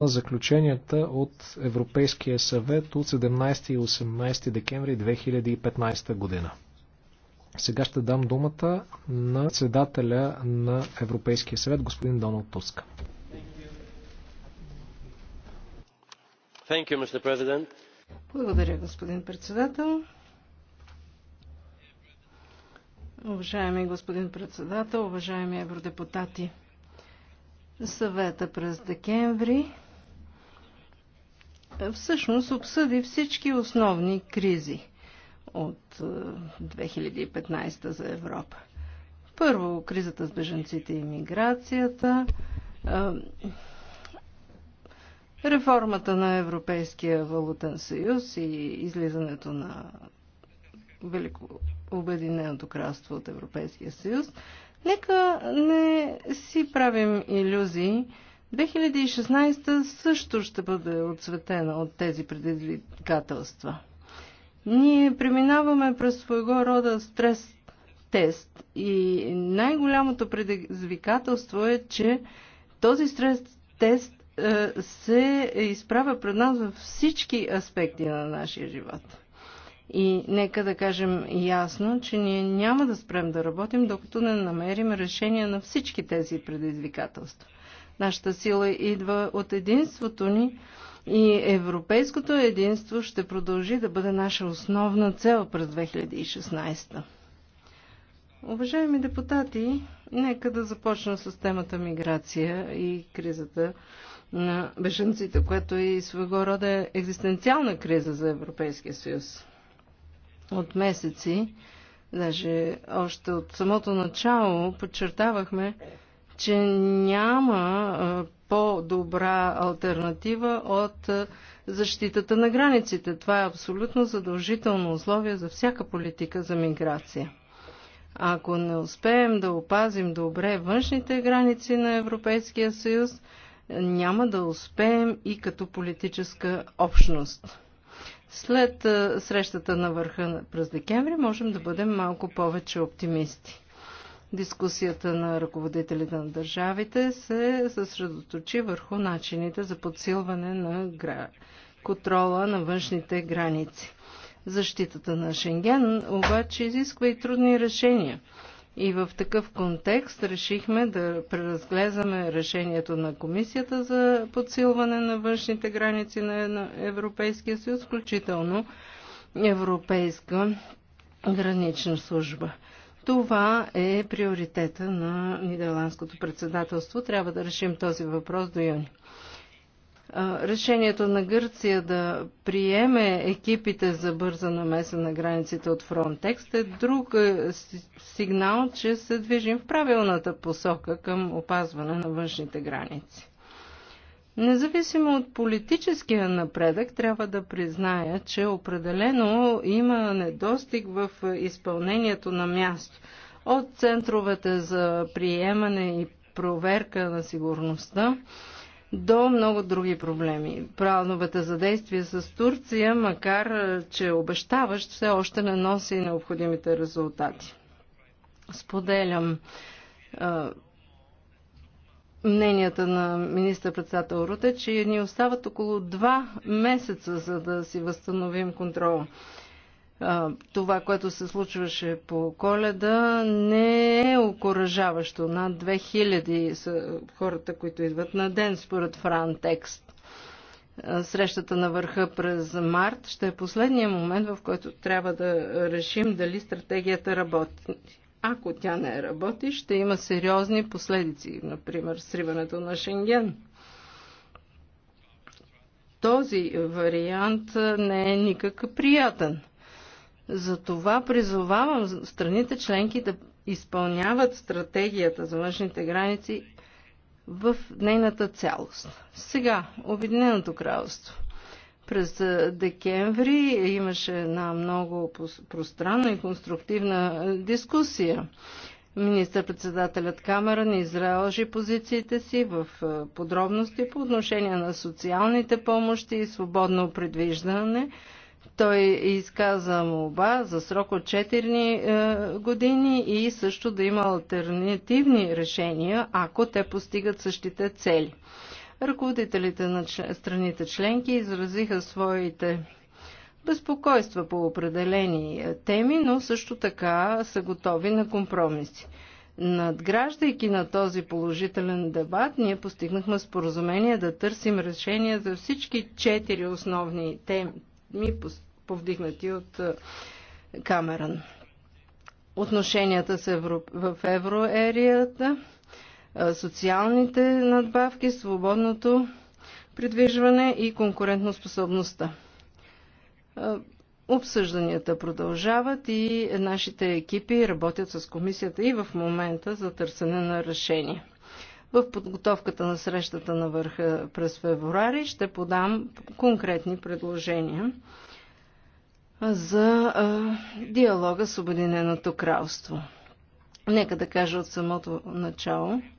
на заключенията от Европейския съвет от 17 и 18 декември 2015 година. Сега ще дам думата на председателя на Европейския съвет, господин Доналд Туск. You, Благодаря, господин председател. Уважаеми господин председател, уважаеми евродепутати, съвета през декември всъщност обсъди всички основни кризи от 2015 е, за Европа. Първо, кризата с беженците и миграцията, е, реформата на Европейския валутен съюз и излизането на Велико Обединеното кралство от Европейския съюз. Нека не си правим иллюзии, 2016 също ще бъде отцветена от тези предизвикателства. Ние преминаваме през своего рода стрес тест и най-голямото предизвикателство е, че този стрес тест е, се изправя пред нас във всички аспекти на нашия живот. И нека да кажем ясно, че ние няма да спрем да работим, докато не намерим решение на всички тези предизвикателства. Нашата сила идва от единството ни и европейското единство ще продължи да бъде наша основна цел през 2016. Уважаеми депутати, нека да започна с темата миграция и кризата на беженците, което е и своего рода екзистенциална криза за Европейския съюз. От месеци, даже още от самото начало, подчертавахме, че няма по-добра альтернатива от защитата на границите. Това е абсолютно задължително условие за всяка политика за миграция. Ако не успеем да опазим добре външните граници на Европейския съюз, няма да успеем и като политическа общност. След срещата на върха през декември можем да бъдем малко повече оптимисти. Дискусията на ръководителите на държавите се съсредоточи върху начините за подсилване на контрола на външните граници. Защитата на Шенген обаче изисква и трудни решения. И в такъв контекст решихме да преразглезаме решението на Комисията за подсилване на външните граници на Европейския съюз, включително Европейска гранична служба. Това е приоритета на Нидерландското председателство. Трябва да решим този въпрос до юни. Решението на Гърция да приеме екипите за бърза намеса на границите от Фронтекст е друг е, сигнал, че се движим в правилната посока към опазване на външните граници. Независимо от политическия напредък, трябва да призная, че определено има недостиг в изпълнението на място. От центровете за приемане и проверка на сигурността до много други проблеми. Плановете за действие с Турция, макар че обещаващ, все още не носи необходимите резултати. Споделям мненията на министър-председател Руте, че ни остават около два месеца, за да си възстановим контрола. Това, което се случваше по коледа, не е окоръжаващо. Над 2000 са хората, които идват на ден, според Франтекст. Срещата на върха през март ще е последния момент, в който трябва да решим дали стратегията работи ако тя не работи, ще има сериозни последици, например сриването на Шенген. Този вариант не е никак приятен. Затова призовавам страните членки да изпълняват стратегията за външните граници в нейната цялост. Сега, Обединеното кралство. През декември имаше една много пространна и конструктивна дискусия. Министър-председателят Камера не израложи позициите си в подробности по отношение на социалните помощи и свободно предвиждане. Той изказа молба за срок от 4 години и също да има альтернативни решения, ако те постигат същите цели. Ръководителите на страните членки изразиха своите безпокойства по определени е, теми, но също така са готови на компромиси. Надграждайки на този положителен дебат, ние постигнахме споразумение да търсим решение за всички четири основни теми, повдигнати от е, Камеран. Отношенията с Евро... в евроерията, социалните надбавки, свободното придвижване и конкурентноспособността. Обсъжданията продължават и нашите екипи работят с комисията и в момента за търсене на решение. В подготовката на срещата на върха през февруари ще подам конкретни предложения за диалога с Обединеното кралство. Нека да кажа от самото начало –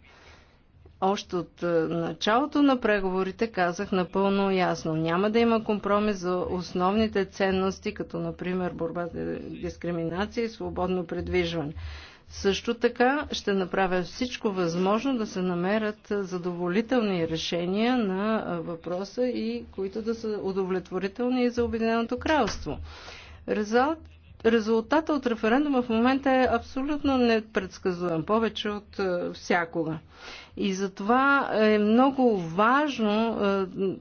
още от е, началото на преговорите казах напълно ясно. Няма да има компромис за основните ценности, като например борба за дискриминация и свободно предвижване. Също така ще направя всичко възможно да се намерят задоволителни решения на е, въпроса и които да са удовлетворителни и за Обединеното кралство. Резултат, Резултата от референдума в момента е абсолютно непредсказуем, повече от е, всякога. И затова е много важно е,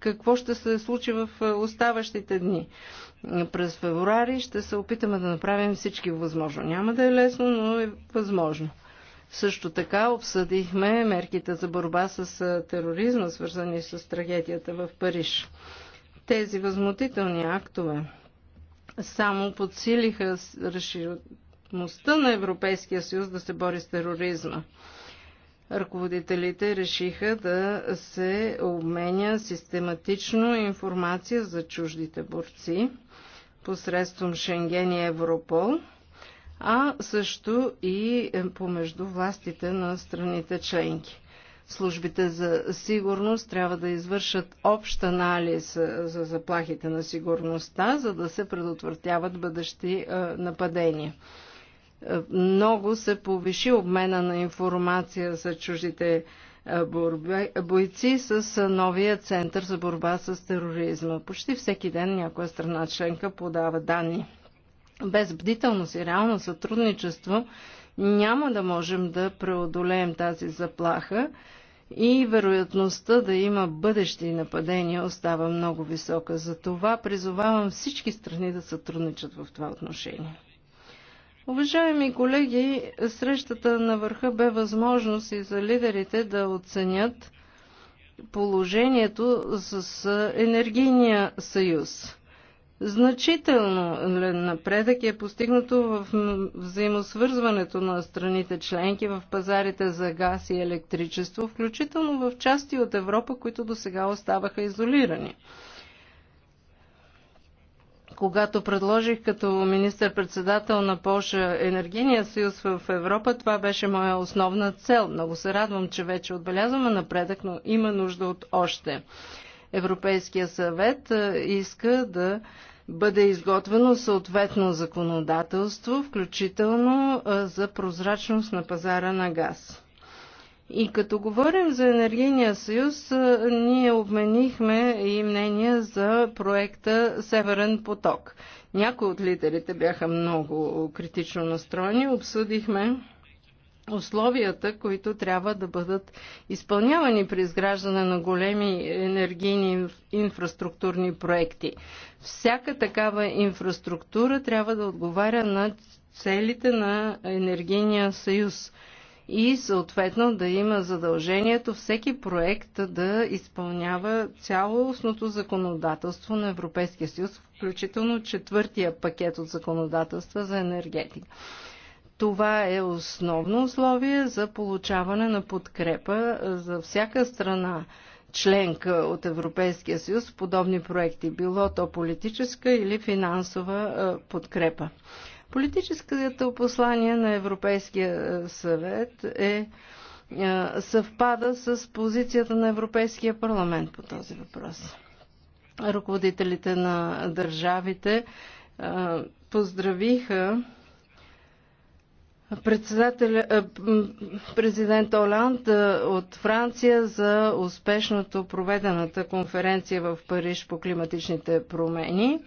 какво ще се случи в е, оставащите дни. През февруари ще се опитаме да направим всички възможно. Няма да е лесно, но е възможно. Също така обсъдихме мерките за борба с тероризма, свързани с трагедията в Париж. Тези възмутителни актове само подсилиха решимостта на Европейския съюз да се бори с тероризма. Ръководителите решиха да се обменя систематично информация за чуждите борци посредством Шенген и Европол, а също и помежду властите на страните членки. Службите за сигурност трябва да извършат общ анализ за заплахите на сигурността, за да се предотвратяват бъдещи нападения. Много се повиши обмена на информация за чуждите бойци с новия център за борба с тероризма. Почти всеки ден някоя страна членка подава данни. Без бдителност и реално сътрудничество няма да можем да преодолеем тази заплаха и вероятността да има бъдещи нападения остава много висока. Затова призовавам всички страни да сътрудничат в това отношение. Уважаеми колеги, срещата на върха бе възможност и за лидерите да оценят положението с енергийния съюз. Значително напредък е постигнато в взаимосвързването на страните членки в пазарите за газ и електричество, включително в части от Европа, които до сега оставаха изолирани. Когато предложих като министър-председател на Польша енергийния съюз в Европа, това беше моя основна цел. Много се радвам, че вече отбелязваме напредък, но има нужда от още. Европейския съвет е, иска да бъде изготвено съответно законодателство, включително за прозрачност на пазара на газ. И като говорим за енергийния съюз, ние обменихме и мнение за проекта Северен поток. Някои от лидерите бяха много критично настроени. Обсъдихме условията, които трябва да бъдат изпълнявани при изграждане на големи енергийни инфраструктурни проекти. Всяка такава инфраструктура трябва да отговаря на целите на енергийния съюз и съответно да има задължението всеки проект да изпълнява цялостното законодателство на Европейския съюз, включително четвъртия пакет от законодателства за енергетика. Това е основно условие за получаване на подкрепа е, за всяка страна членка от Европейския съюз в подобни проекти, било то политическа или финансова е, подкрепа. Политическото послание на Европейския е, съвет е съвпада с позицията на Европейския парламент по този въпрос. Ръководителите на държавите поздравиха председателя, е, президент Оланд е, от Франция за успешното проведената конференция в Париж по климатичните промени.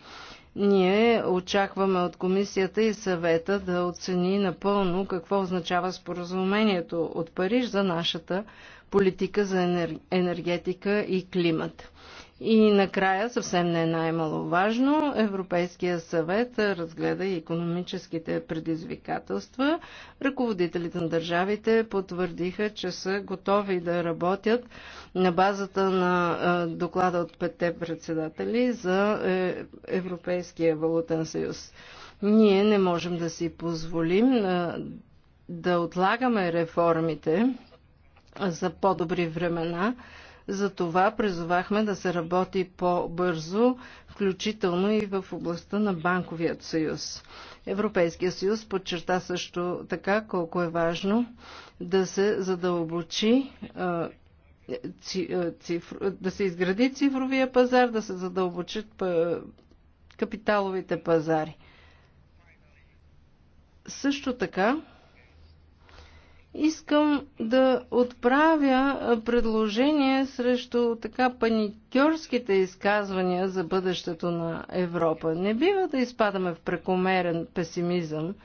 Ние очакваме от комисията и съвета да оцени напълно какво означава споразумението от Париж за нашата политика за енергетика и климат. И накрая, съвсем не е най-маловажно, Европейския съвет разгледа и економическите предизвикателства. Ръководителите на държавите потвърдиха, че са готови да работят на базата на доклада от петте председатели за е, Европейския валутен съюз. Ние не можем да си позволим да отлагаме реформите за по-добри времена, затова призовахме да се работи по-бързо, включително и в областта на банковият съюз. Европейския съюз подчерта също така колко е важно да се задълбочи да се изгради цифровия пазар, да се задълбочат капиталовите пазари. Също така Искам да отправя предложение срещу така паникьорските изказвания за бъдещето на Европа. Не бива да изпадаме в прекомерен песимизъм.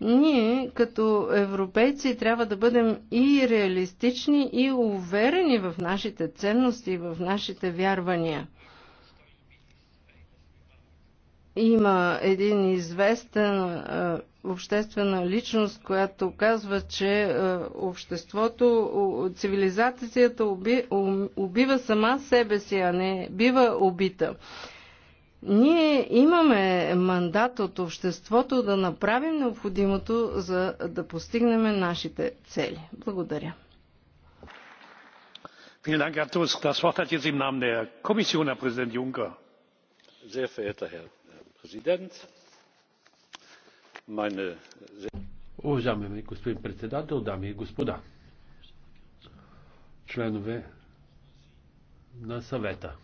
Ние, като европейци, трябва да бъдем и реалистични, и уверени в нашите ценности, и в нашите вярвания – има един известен е, обществена личност, която казва, че е, обществото, цивилизацията убива сама себе си, а не бива убита. Ние имаме мандат от обществото да направим необходимото, за да постигнем нашите цели. Благодаря. Vielen Dank, Herr Tusk. Das Wort hat jetzt im Namen der Kommission Herr Präsident Juncker. Sehr verehrter Herr Президент, Уважаеми господин председател, дами и господа, членове на съвета.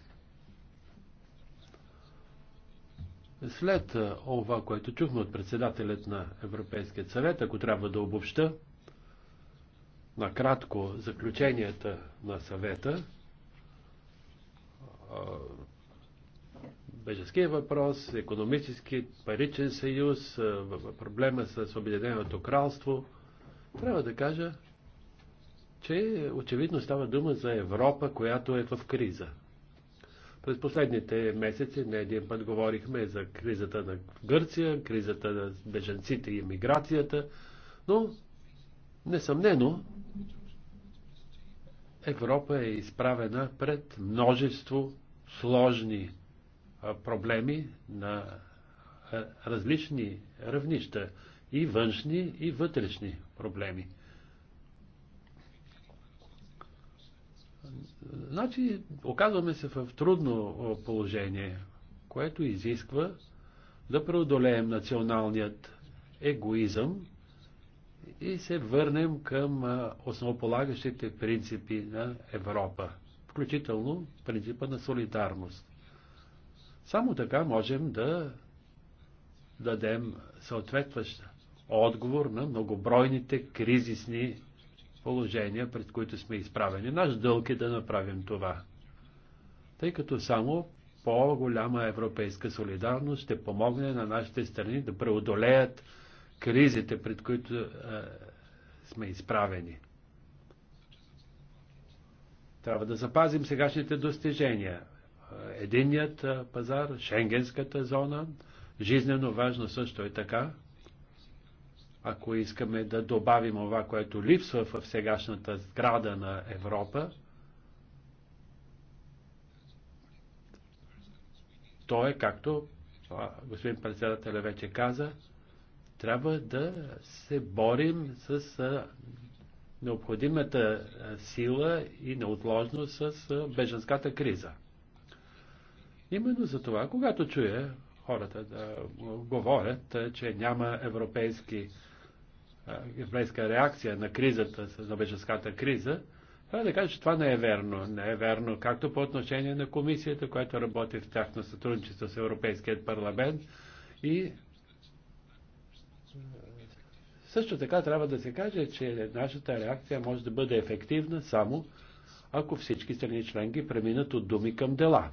След това, което чухме от председателят на Европейския съвет, ако трябва да обобща накратко заключенията на съвета, беженския въпрос, економически, паричен съюз, проблема с Обединеното кралство, трябва да кажа, че очевидно става дума за Европа, която е в криза. През последните месеци не един път говорихме за кризата на Гърция, кризата на беженците и емиграцията, но несъмнено Европа е изправена пред множество сложни проблеми на различни равнища и външни, и вътрешни проблеми. Значи, оказваме се в трудно положение, което изисква да преодолеем националният егоизъм и се върнем към основополагащите принципи на Европа, включително принципа на солидарност. Само така можем да дадем съответващ отговор на многобройните кризисни положения, пред които сме изправени. Наш дълг е да направим това. Тъй като само по-голяма европейска солидарност ще помогне на нашите страни да преодолеят кризите, пред които е, сме изправени. Трябва да запазим сегашните достижения единният пазар, Шенгенската зона. Жизнено важно също е така, ако искаме да добавим това, което липсва в сегашната сграда на Европа, то е както господин председател вече каза, трябва да се борим с необходимата сила и неотложно с беженската криза. Именно за това, когато чуя хората да говорят, е, че няма европейски, е, европейска реакция на кризата, на беженската криза, трябва да кажа, че това не е верно. Не е верно както по отношение на комисията, която работи в тяхно сътрудничество с Европейският парламент и е, също така трябва да се каже, че нашата реакция може да бъде ефективна само ако всички страни членки преминат от думи към дела.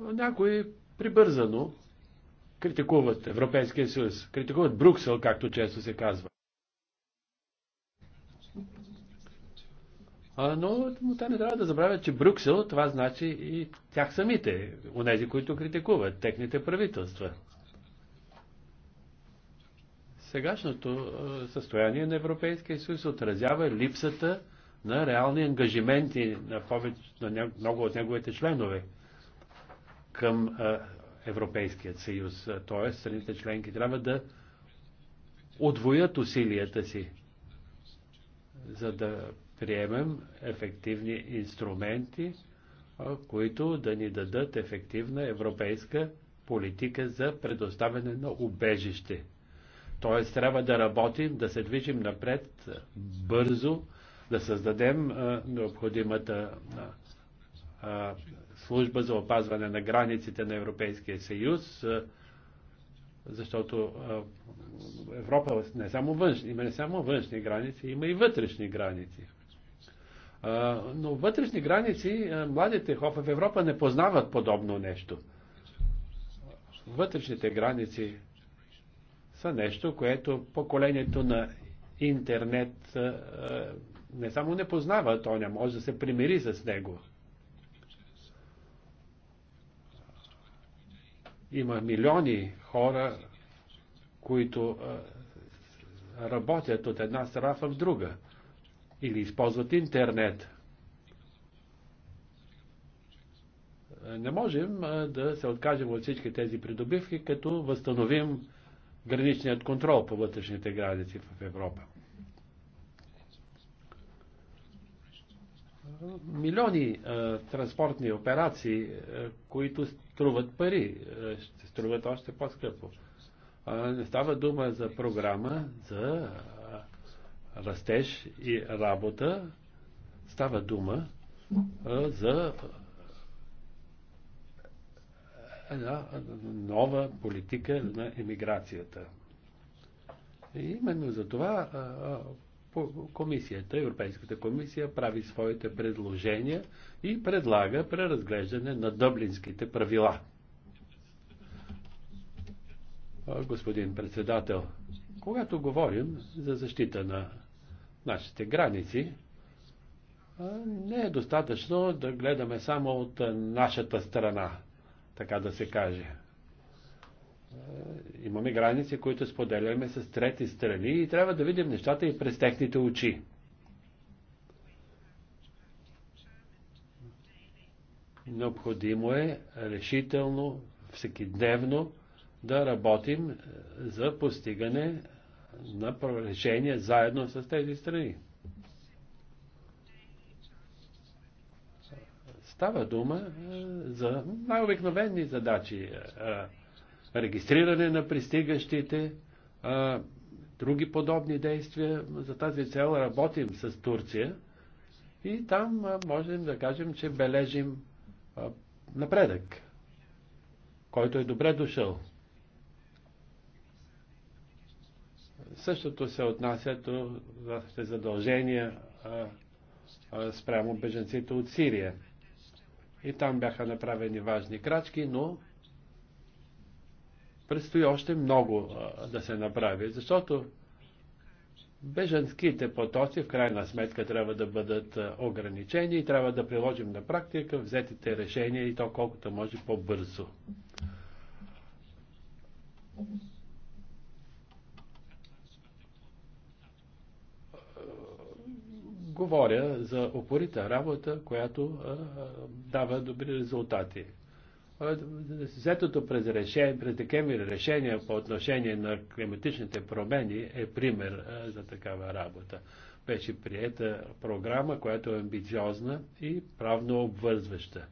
Някои прибързано критикуват Европейския съюз, критикуват Брюксел, както често се казва. но те не трябва да забравят, че Брюксел, това значи и тях самите, онези, които критикуват, техните правителства. Сегашното състояние на Европейския съюз отразява липсата на реални ангажименти на, повече, на много от неговите членове към Европейският съюз. Тоест, страните членки трябва да отвоят усилията си, за да приемем ефективни инструменти, които да ни дадат ефективна европейска политика за предоставяне на убежище. Тоест, трябва да работим, да се движим напред бързо, да създадем необходимата служба за опазване на границите на Европейския съюз, защото Европа не само външни, има не само външни граници, има и вътрешни граници. Но вътрешни граници младите хора в Европа не познават подобно нещо. Вътрешните граници са нещо, което поколението на интернет не само не познава, то не може да се примири с него. Има милиони хора, които работят от една страна в друга или използват интернет. Не можем да се откажем от всички тези придобивки, като възстановим граничният контрол по вътрешните граници в Европа. милиони а, е, транспортни операции, а, е, които струват пари, а, е, ще струват още по-скъпо. не става дума за програма за а, растеж и работа, става дума а, за една нова политика на емиграцията. И именно за това а, комисията, Европейската комисия прави своите предложения и предлага преразглеждане на дъблинските правила. Господин председател, когато говорим за защита на нашите граници, не е достатъчно да гледаме само от нашата страна, така да се каже. Е, имаме граници, които споделяме с трети страни и трябва да видим нещата и през техните очи. Необходимо е решително, всекидневно да работим е, за постигане на решение заедно с тези страни. Става дума е, за най-обикновени задачи регистриране на пристигащите, а, други подобни действия. За тази цел работим с Турция и там а, можем да кажем, че бележим а, напредък, който е добре дошъл. Същото се отнася до нашите задължения а, а, спрямо беженците от Сирия. И там бяха направени важни крачки, но предстои още много а, да се направи, защото беженските потоци в крайна сметка трябва да бъдат ограничени и трябва да приложим на практика взетите решения и то колкото може по-бързо. Говоря за опорита работа, която а, дава добри резултати. Взетото през, решение, през декември решение по отношение на климатичните промени е пример за такава работа. Беше приета програма, която е амбициозна и правно обвързваща.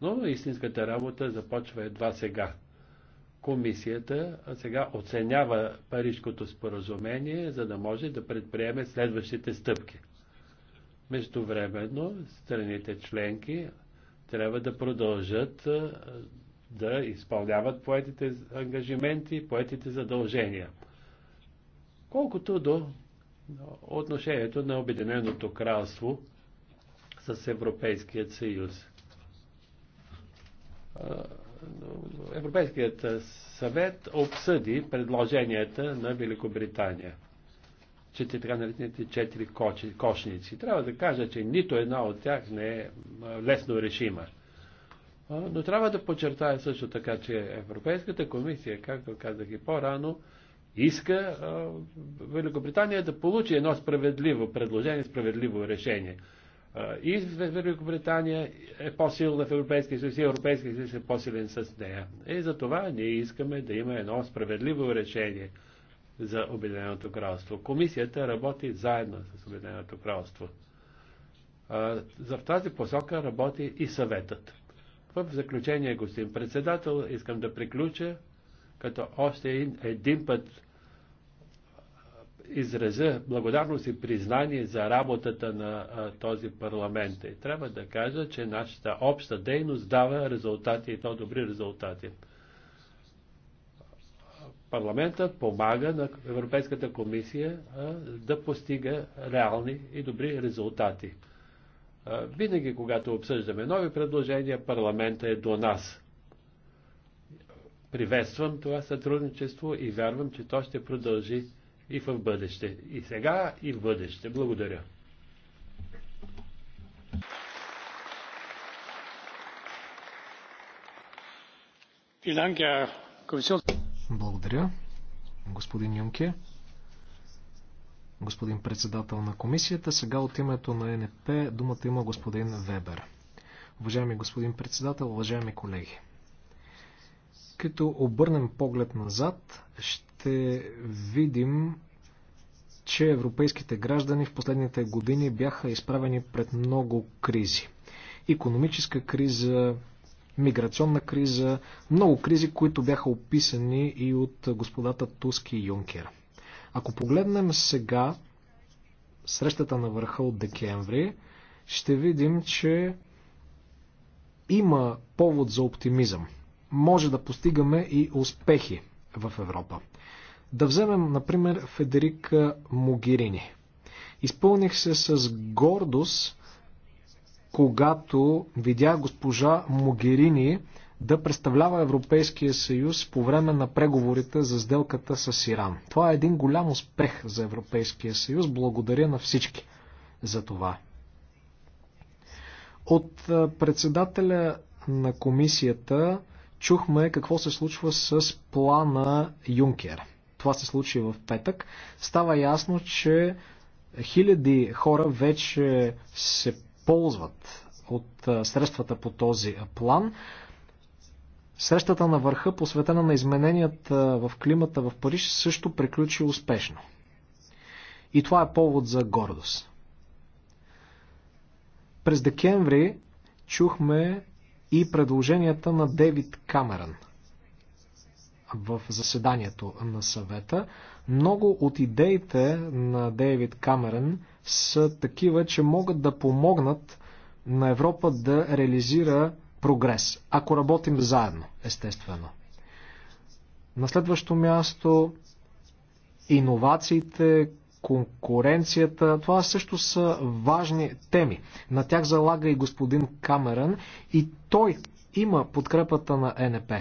Но истинската работа започва едва сега. Комисията сега оценява Парижското споразумение, за да може да предприеме следващите стъпки. Междувременно страните членки трябва да продължат да изпълняват поетите ангажименти, поетите задължения. Колкото до отношението на Обединеното кралство с Европейският съюз. Европейският съвет обсъди предложенията на Великобритания че те така наречените четири кошници. Трябва да кажа, че нито една от тях не е лесно решима. Но трябва да подчертая също така, че Европейската комисия, както казах и по-рано, иска Великобритания да получи едно справедливо предложение, справедливо решение. и Великобритания е по-силна в Европейския съюз, и Европейския съюз е по-силен с нея. И за това ние искаме да има едно справедливо решение – за Обединеното кралство. Комисията работи заедно с Обединеното кралство. За в тази посока работи и съветът. В заключение, господин председател, искам да приключа, като още един път изразя благодарност и признание за работата на а, този парламент. И трябва да кажа, че нашата обща дейност дава резултати и то добри резултати парламентът помага на Европейската комисия да постига реални и добри резултати. винаги, когато обсъждаме нови предложения, парламента е до нас. Приветствам това сътрудничество и вярвам, че то ще продължи и в бъдеще. И сега, и в бъдеще. Благодаря. Vielen Dank, Herr Kommissionspräsident. Благодаря. Господин Юнке. Господин председател на комисията. Сега от името на НП думата има господин Вебер. Уважаеми господин председател, уважаеми колеги. Като обърнем поглед назад, ще видим, че европейските граждани в последните години бяха изправени пред много кризи. Економическа криза, миграционна криза, много кризи, които бяха описани и от господата Туски и Юнкер. Ако погледнем сега срещата на върха от декември, ще видим, че има повод за оптимизъм. Може да постигаме и успехи в Европа. Да вземем, например, Федерика Могирини. Изпълних се с гордост, когато видя госпожа Могерини да представлява Европейския съюз по време на преговорите за сделката с Иран. Това е един голям успех за Европейския съюз. Благодаря на всички за това. От председателя на комисията чухме какво се случва с плана Юнкер. Това се случи в петък. Става ясно, че хиляди хора вече се ползват от средствата по този план. Срещата на върха, посветена на измененията в климата в Париж, също приключи успешно. И това е повод за гордост. През декември чухме и предложенията на Дейвид Камерън в заседанието на съвета. Много от идеите на Дейвид Камерън са такива, че могат да помогнат на Европа да реализира прогрес, ако работим заедно, естествено. На следващо място, иновациите, конкуренцията, това също са важни теми. На тях залага и господин Камерън и той има подкрепата на НП.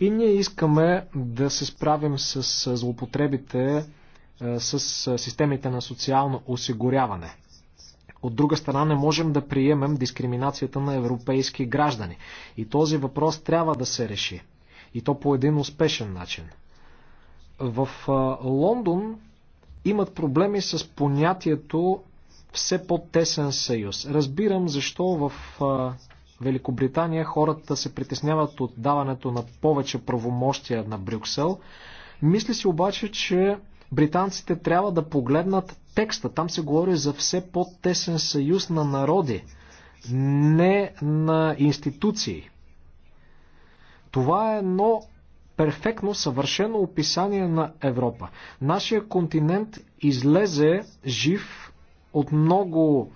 И ние искаме да се справим с злопотребите е, с е, системите на социално осигуряване. От друга страна не можем да приемем дискриминацията на европейски граждани. И този въпрос трябва да се реши. И то по един успешен начин. В е, Лондон имат проблеми с понятието все по-тесен съюз. Разбирам защо в Великобритания хората се притесняват от даването на повече правомощия на Брюксел. Мисля си обаче, че британците трябва да погледнат текста. Там се говори за все по-тесен съюз на народи, не на институции. Това е едно перфектно, съвършено описание на Европа. Нашия континент излезе жив от много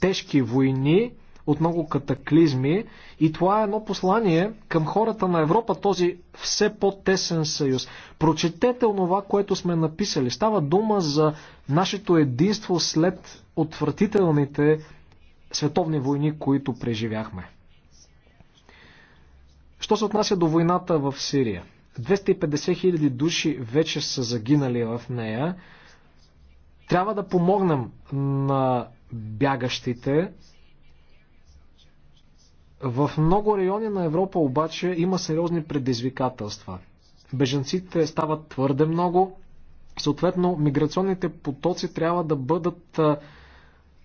тежки войни, от много катаклизми и това е едно послание към хората на Европа, този все по-тесен съюз. Прочетете онова, което сме написали. Става дума за нашето единство след отвратителните световни войни, които преживяхме. Що се отнася до войната в Сирия? 250 хиляди души вече са загинали в нея. Трябва да помогнем на бягащите. В много райони на Европа обаче има сериозни предизвикателства. Беженците стават твърде много, съответно миграционните потоци трябва да бъдат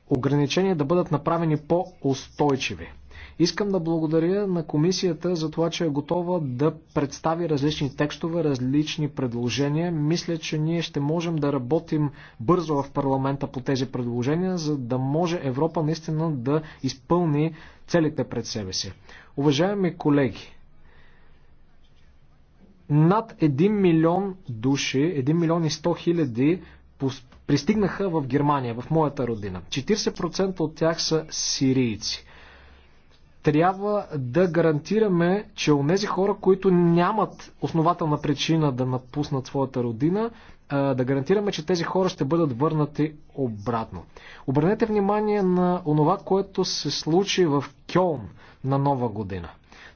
ограничени, да бъдат направени по-устойчиви. Искам да благодаря на комисията за това, че е готова да представи различни текстове, различни предложения. Мисля, че ние ще можем да работим бързо в парламента по тези предложения, за да може Европа наистина да изпълни целите пред себе си. Уважаеми колеги, над 1 милион души, 1 милион и 100 хиляди пристигнаха в Германия, в моята родина. 40% от тях са сирийци трябва да гарантираме, че у нези хора, които нямат основателна причина да напуснат своята родина, да гарантираме, че тези хора ще бъдат върнати обратно. Обърнете внимание на онова, което се случи в Кьолн на Нова година.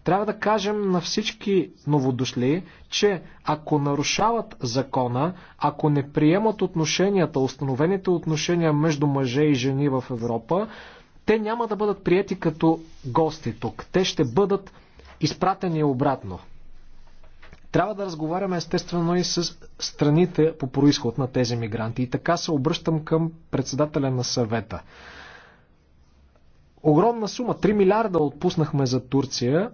Трябва да кажем на всички новодошли, че ако нарушават закона, ако не приемат отношенията, установените отношения между мъже и жени в Европа, те няма да бъдат прияти като гости тук. Те ще бъдат изпратени обратно. Трябва да разговаряме естествено и с страните по происход на тези мигранти. И така се обръщам към председателя на съвета. Огромна сума, 3 милиарда отпуснахме за Турция.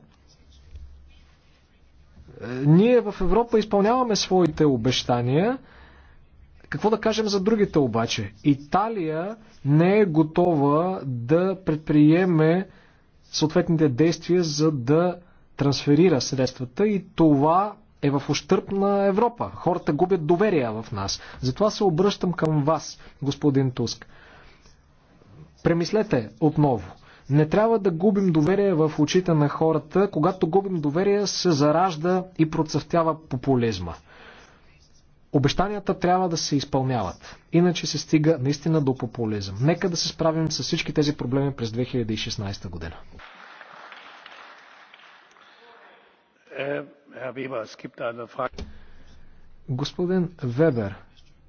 Е, ние в Европа изпълняваме своите обещания. Какво да кажем за другите обаче? Италия не е готова да предприеме съответните действия, за да трансферира средствата и това е в ущърп на Европа. Хората губят доверие в нас. Затова се обръщам към вас, господин Туск. Премислете отново. Не трябва да губим доверие в очите на хората. Когато губим доверие, се заражда и процъфтява популизма. Обещанията трябва да се изпълняват, иначе се стига наистина до популизъм. Нека да се справим с всички тези проблеми през 2016 година. Господин Вебер,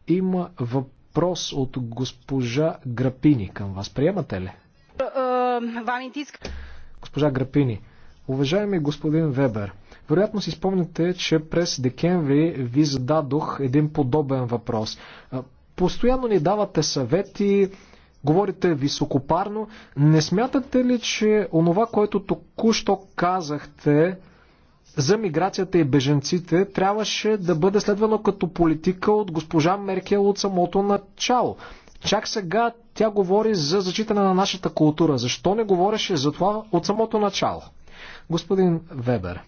има въпрос от госпожа Грапини към вас. Приемате ли? Е, е, госпожа Грапини, уважаеми господин Вебер, вероятно си спомняте, че през декември ви зададох един подобен въпрос. Постоянно ни давате съвети, говорите високопарно. Не смятате ли, че онова, което току-що казахте за миграцията и беженците, трябваше да бъде следвано като политика от госпожа Меркел от самото начало? Чак сега тя говори за зачитане на нашата култура. Защо не говореше за това от самото начало? Господин Вебер.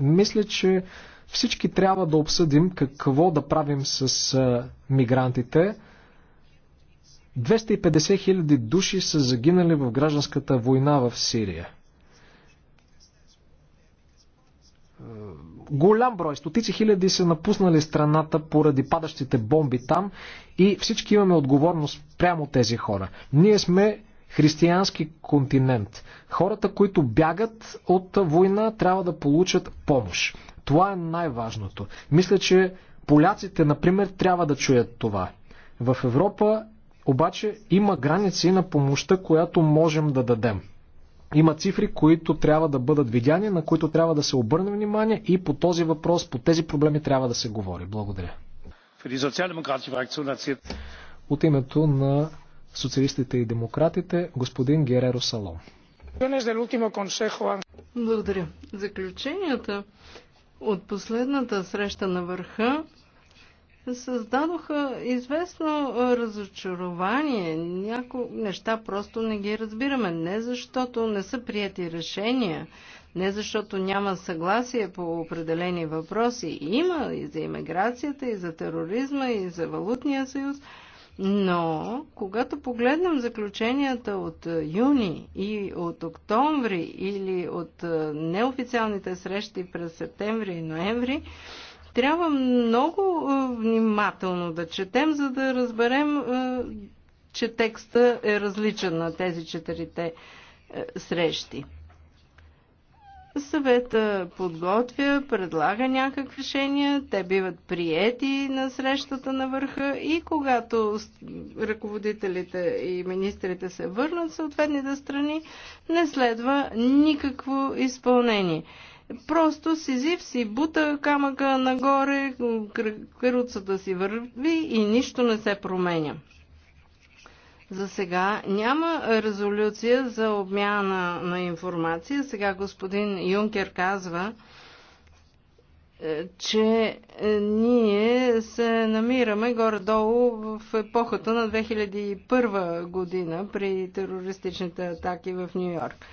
Мисля, че всички трябва да обсъдим какво да правим с мигрантите. 250 хиляди души са загинали в гражданската война в Сирия. голям брой, стотици хиляди са напуснали страната поради падащите бомби там и всички имаме отговорност прямо тези хора. Ние сме християнски континент. Хората, които бягат от война, трябва да получат помощ. Това е най-важното. Мисля, че поляците, например, трябва да чуят това. В Европа обаче има граници на помощта, която можем да дадем. Има цифри, които трябва да бъдат видяни, на които трябва да се обърне внимание и по този въпрос, по тези проблеми трябва да се говори. Благодаря. От името на социалистите и демократите, господин Гереро Салом. Благодаря. Заключенията от последната среща на върха създадоха известно разочарование. Няко неща просто не ги разбираме. Не защото не са прияти решения, не защото няма съгласие по определени въпроси. Има и за иммиграцията, и за тероризма, и за валутния съюз. Но, когато погледнем заключенията от е, юни и от октомври или от е, неофициалните срещи през септември и ноември, трябва много е, внимателно да четем, за да разберем, че текста е различен на тези четирите срещи. Съвета подготвя, предлага някакви решения, те биват приети на срещата на върха и когато ръководителите и министрите се върнат в съответните страни, не следва никакво изпълнение. Просто Сизив си бута камъка нагоре, кръцата си върви и нищо не се променя. За сега няма резолюция за обмяна на информация. Сега господин Юнкер казва, е, че е, ние се намираме горе-долу в епохата на 2001 година при терористичните атаки в Нью Йорк.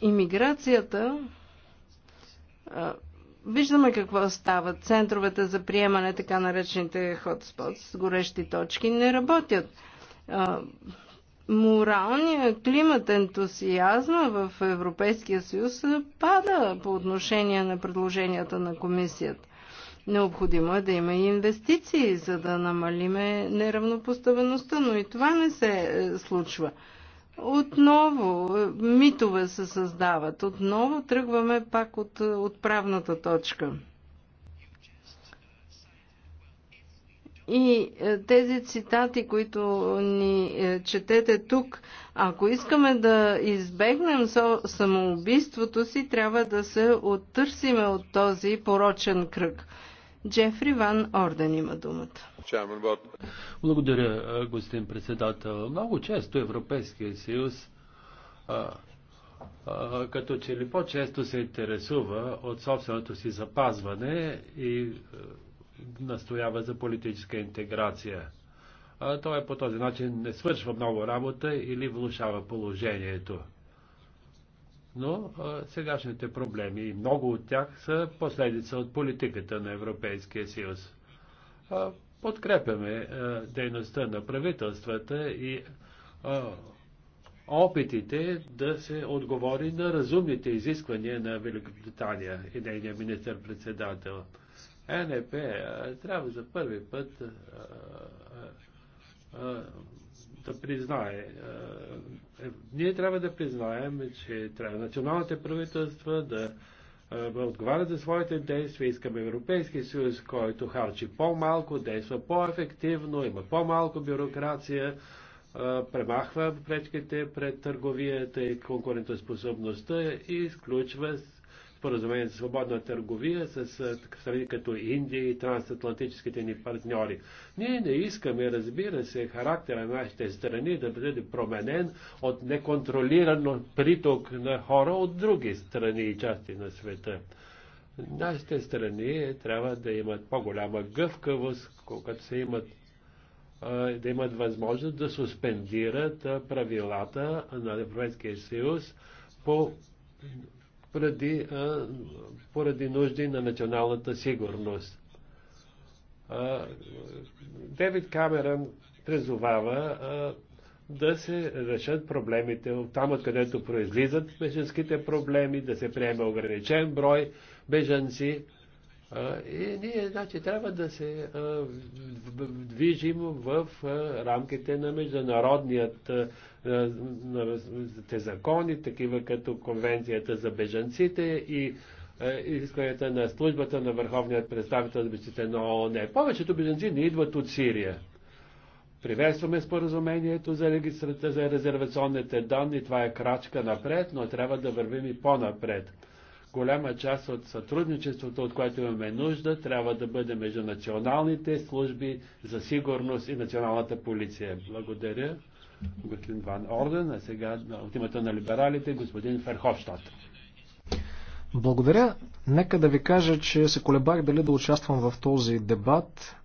Имиграцията. Е, виждаме какво става. Центровете за приемане, така наречените хотспотс, горещи точки, не работят моралният климат, ентусиазма в Европейския съюз пада по отношение на предложенията на комисията. Необходимо е да има и инвестиции, за да намалиме неравнопоставеността, но и това не се е, случва. Отново е, митове се създават, отново тръгваме пак от е, правната точка. И е, тези цитати, които ни е, четете тук, ако искаме да избегнем самоубийството си, трябва да се оттърсиме от този порочен кръг. Джефри Ван Орден има думата. Благодаря, е, господин председател. Много често Европейския съюз а, а, като че ли по-често се интересува от собственото си запазване и настоява за политическа интеграция. А, той по този начин не свършва много работа или влушава положението. Но а, сегашните проблеми и много от тях са последица от политиката на Европейския съюз. А, подкрепяме а, дейността на правителствата и а, опитите да се отговори на разумните изисквания на Великобритания и нейния министър-председател. Е, НП трябва за първи път да признае. ние трябва да признаем, че трябва националните правителства да отговарят за своите действия. Искаме Европейския съюз, който харчи по-малко, действа по-ефективно, има по-малко бюрокрация, премахва пречките пред търговията и конкурентоспособността и изключва споразумение за свободна търговия с страни като Индия и трансатлантическите ни партньори. Ние не искаме, разбира се, характера на нашите страни да бъде променен от неконтролиран приток на хора от други страни и части на света. Нашите страни трябва да имат по-голяма гъвкавост, когато се имат да имат възможност да суспендират правилата на Европейския съюз по поради, поради нужди на националната сигурност. Девид Камерън призовава да се решат проблемите там, откъдето произлизат беженските проблеми, да се приеме ограничен брой беженци, и ние значи, трябва да се движим в рамките на международният на закони, такива като Конвенцията за бежанците и изискванията на службата на Върховният представител за бежанците на ООН. Повечето бежанци не идват от Сирия. Приветстваме споразумението за регистрата за резервационните данни. Това е крачка напред, но трябва да вървим и по-напред голяма част от сътрудничеството, от което имаме нужда, трябва да бъде между националните служби за сигурност и националната полиция. Благодаря, господин Ван Орден, а сега от името на либералите, господин Ферховщат. Благодаря. Нека да ви кажа, че се колебах дали да участвам в този дебат,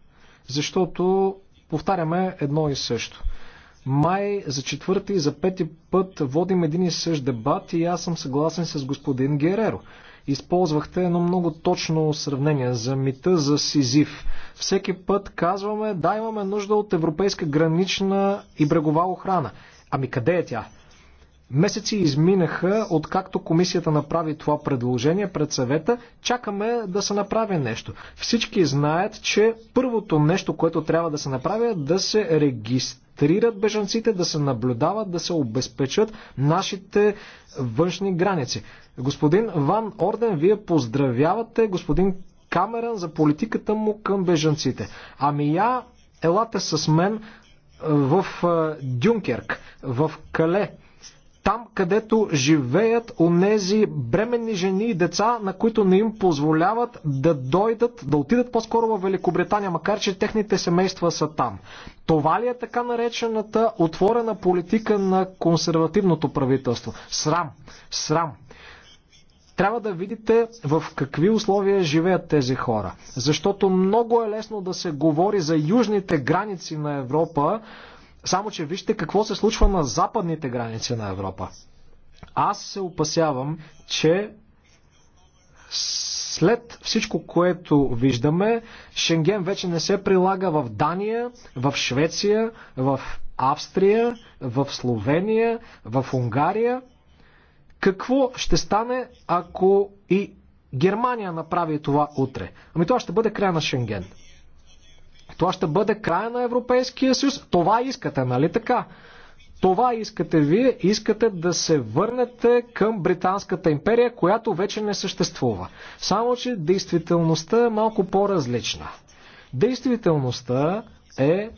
защото повтаряме едно и също май за четвърти и за пети път водим един и същ дебат и аз съм съгласен с господин Гереро използвахте едно много точно сравнение за мита за Сизив. Всеки път казваме, да, имаме нужда от европейска гранична и брегова охрана. Ами къде е тя? Месеци изминаха, откакто комисията направи това предложение пред съвета, чакаме да се направи нещо. Всички знаят, че първото нещо, което трябва да се направи е да се регистрират бежанците, да се наблюдават, да се обезпечат нашите външни граници. Господин Ван Орден, вие поздравявате господин Камеран за политиката му към бежанците. Ами я, елате с мен в Дюнкерк, в Кале, там, където живеят онези бременни жени и деца, на които не им позволяват да дойдат, да отидат по-скоро в Великобритания, макар че техните семейства са там. Това ли е така наречената отворена политика на консервативното правителство? Срам! Срам! Трябва да видите в какви условия живеят тези хора. Защото много е лесно да се говори за южните граници на Европа, само, че вижте какво се случва на западните граници на Европа. Аз се опасявам, че след всичко, което виждаме, Шенген вече не се прилага в Дания, в Швеция, в Австрия, в Словения, в Унгария. Какво ще стане, ако и Германия направи това утре? Ами това ще бъде края на Шенген. Това ще бъде края на Европейския съюз. Това искате, нали така? Това искате вие, искате да се върнете към Британската империя, която вече не съществува. Само, че действителността е малко по-различна. Действителността е,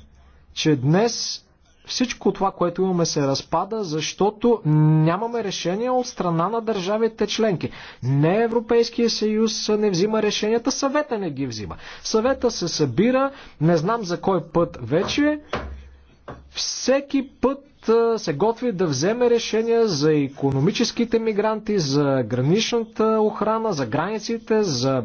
че днес всичко това, което имаме, се разпада, защото нямаме решение от страна на държавите членки. Не Европейския съюз не взима решенията, съвета не ги взима. Съвета се събира, не знам за кой път вече, всеки път се готви да вземе решения за економическите мигранти, за граничната охрана, за границите, за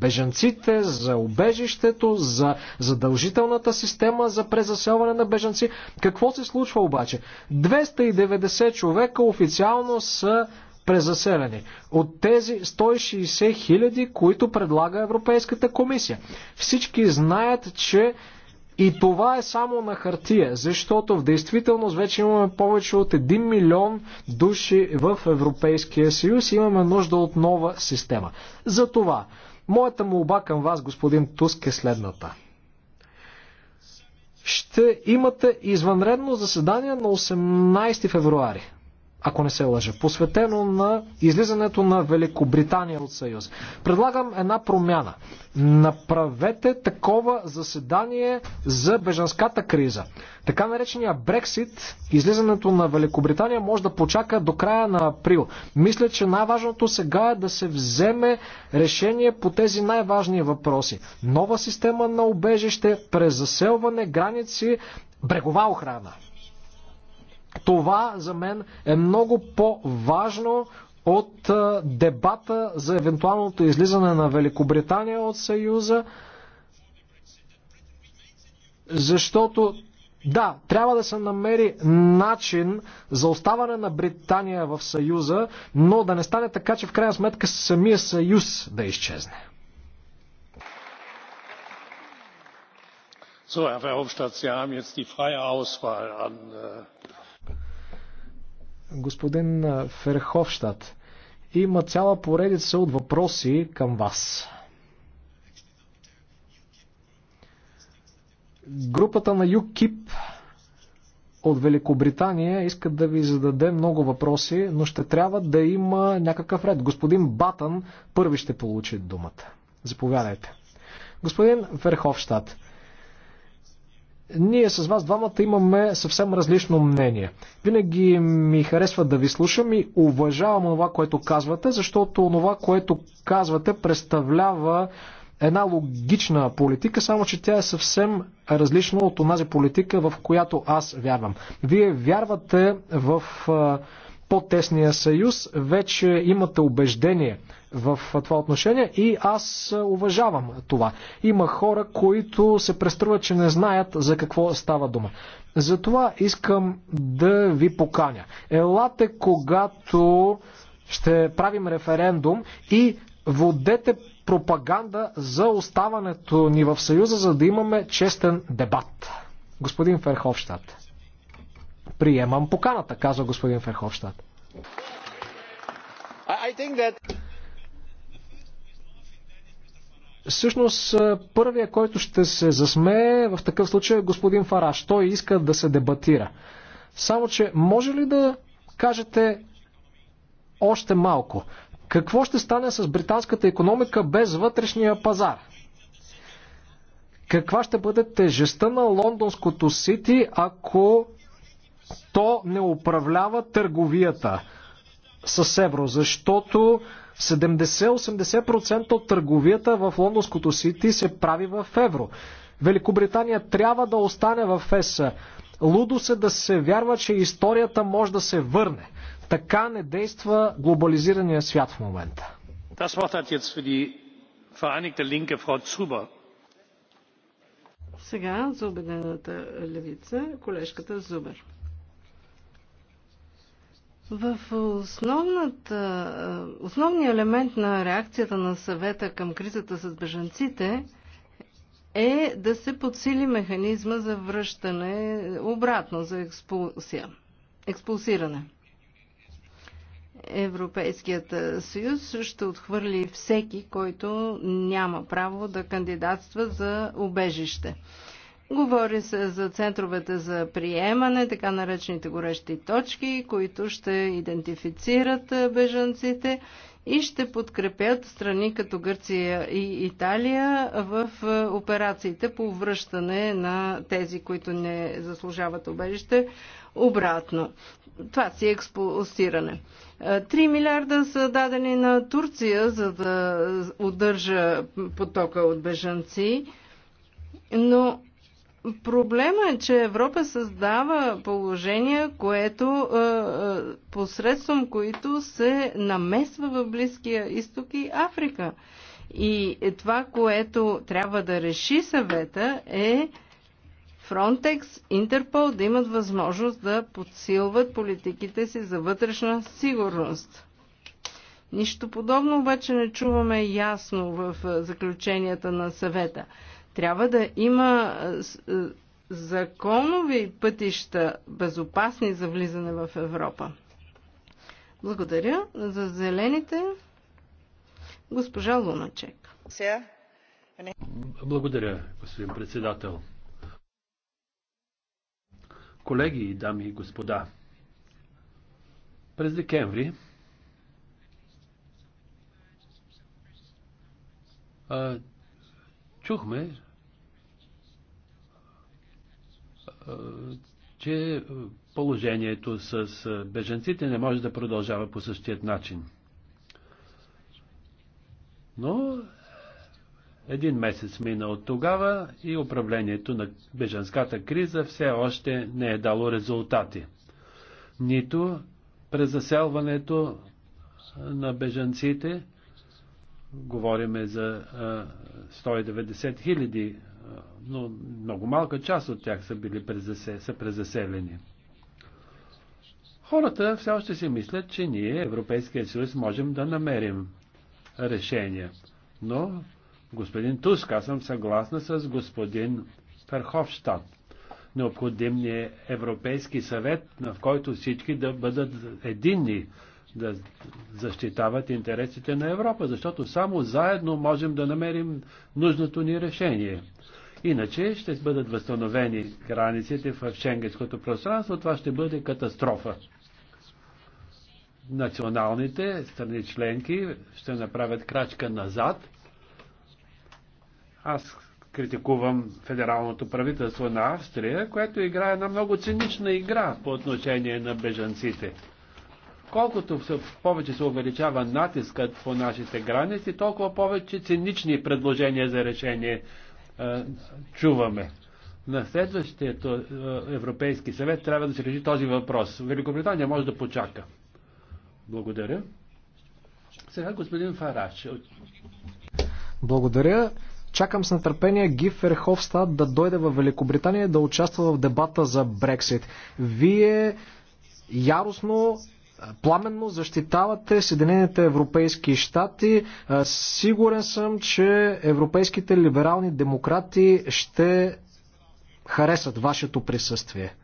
бежанците, за убежището, за задължителната система за презаселване на бежанци. Какво се случва обаче? 290 човека официално са презаселени. От тези 160 хиляди, които предлага Европейската комисия. Всички знаят, че и това е само на хартия, защото в действителност вече имаме повече от 1 милион души в Европейския съюз и имаме нужда от нова система. За това Моята молба към вас, господин Туск, е следната. Ще имате извънредно заседание на 18 февруари ако не се лъжа, посветено на излизането на Великобритания от Съюз. Предлагам една промяна. Направете такова заседание за бежанската криза. Така наречения Брексит, излизането на Великобритания може да почака до края на април. Мисля, че най-важното сега е да се вземе решение по тези най-важни въпроси. Нова система на убежище, презаселване, граници, брегова охрана. Това за мен е много по-важно от дебата за евентуалното излизане на Великобритания от Съюза, защото да, трябва да се намери начин за оставане на Британия в Съюза, но да не стане така, че в крайна сметка самия Съюз да изчезне. So, Herr Verhofstadt, Sie haben jetzt die freie Auswahl an äh, господин Ферховщад. Има цяла поредица от въпроси към вас. Групата на ЮКИП от Великобритания иска да ви зададе много въпроси, но ще трябва да има някакъв ред. Господин Батън първи ще получи думата. Заповядайте. Господин Ферховщад, ние с вас двамата имаме съвсем различно мнение. Винаги ми харесва да ви слушам и уважавам това, което казвате, защото това, което казвате, представлява една логична политика, само че тя е съвсем различна от онази политика, в която аз вярвам. Вие вярвате в по-тесния съюз, вече имате убеждение в това отношение и аз уважавам това. Има хора, които се преструват, че не знаят за какво става дума. Затова искам да ви поканя. Елате, когато ще правим референдум и водете пропаганда за оставането ни в Съюза, за да имаме честен дебат. Господин Ферховщад. Приемам поканата, казва господин Ферховщад. That... Всъщност, първия, който ще се засмее в такъв случай е господин Фараш. Той иска да се дебатира. Само, че може ли да кажете още малко? Какво ще стане с британската економика без вътрешния пазар? Каква ще бъде тежестта на лондонското сити, ако то не управлява търговията с евро? Защото 70-80% от търговията в лондонското сити се прави в евро. Великобритания трябва да остане в ЕС. Лудо се да се вярва, че историята може да се върне. Така не действа глобализирания свят в момента. Сега за обедената левица колежката Зубер. В основната, основният елемент на реакцията на съвета към кризата с бежанците е да се подсили механизма за връщане обратно, за експулсия, експулсиране. Европейският съюз ще отхвърли всеки, който няма право да кандидатства за убежище. Говори се за центровете за приемане, така наречените горещи точки, които ще идентифицират е, бежанците и ще подкрепят страни като Гърция и Италия в е, операциите по връщане на тези, които не заслужават обежище, обратно. Това си е експулсиране. 3 е, милиарда са дадени на Турция, за да удържа потока от бежанци, но Проблема е, че Европа създава положения, което е, е, посредством които се намесва в Близкия изток и Африка. И това, което трябва да реши съвета е Фронтекс, Интерпол да имат възможност да подсилват политиките си за вътрешна сигурност. Нищо подобно обаче не чуваме ясно в е, заключенията на съвета. Трябва да има законови пътища, безопасни за влизане в Европа. Благодаря за зелените. Госпожа Луначек. Благодаря, господин председател. Колеги, дами и господа, през декември а, чухме че положението с беженците не може да продължава по същият начин. Но един месец мина от тогава и управлението на беженската криза все още не е дало резултати. Нито през заселването на бежанците. говориме за 190 хиляди но много малка част от тях са били презасе, са презаселени. Хората все още си мислят, че ние, Европейския съюз, можем да намерим решение. Но, господин Туск, аз съм съгласна с господин Ферховщад. Необходим ни е Европейски съвет, на който всички да бъдат единни, да защитават интересите на Европа, защото само заедно можем да намерим нужното ни решение. Иначе ще бъдат възстановени границите в шенгенското пространство. Това ще бъде катастрофа. Националните страни членки ще направят крачка назад. Аз критикувам федералното правителство на Австрия, което играе една много цинична игра по отношение на бежанците. Колкото се, повече се увеличава натискът по нашите граници, толкова повече цинични предложения за решение чуваме. На следващия Европейски съвет трябва да се реши този въпрос. Великобритания може да почака. Благодаря. Сега господин Фараш. Благодаря. Чакам с нетърпение Гиф Ферховстад да дойде в Великобритания да участва в дебата за Брексит. Вие яростно пламенно защитавате Съединените Европейски щати. Сигурен съм, че европейските либерални демократи ще харесат вашето присъствие.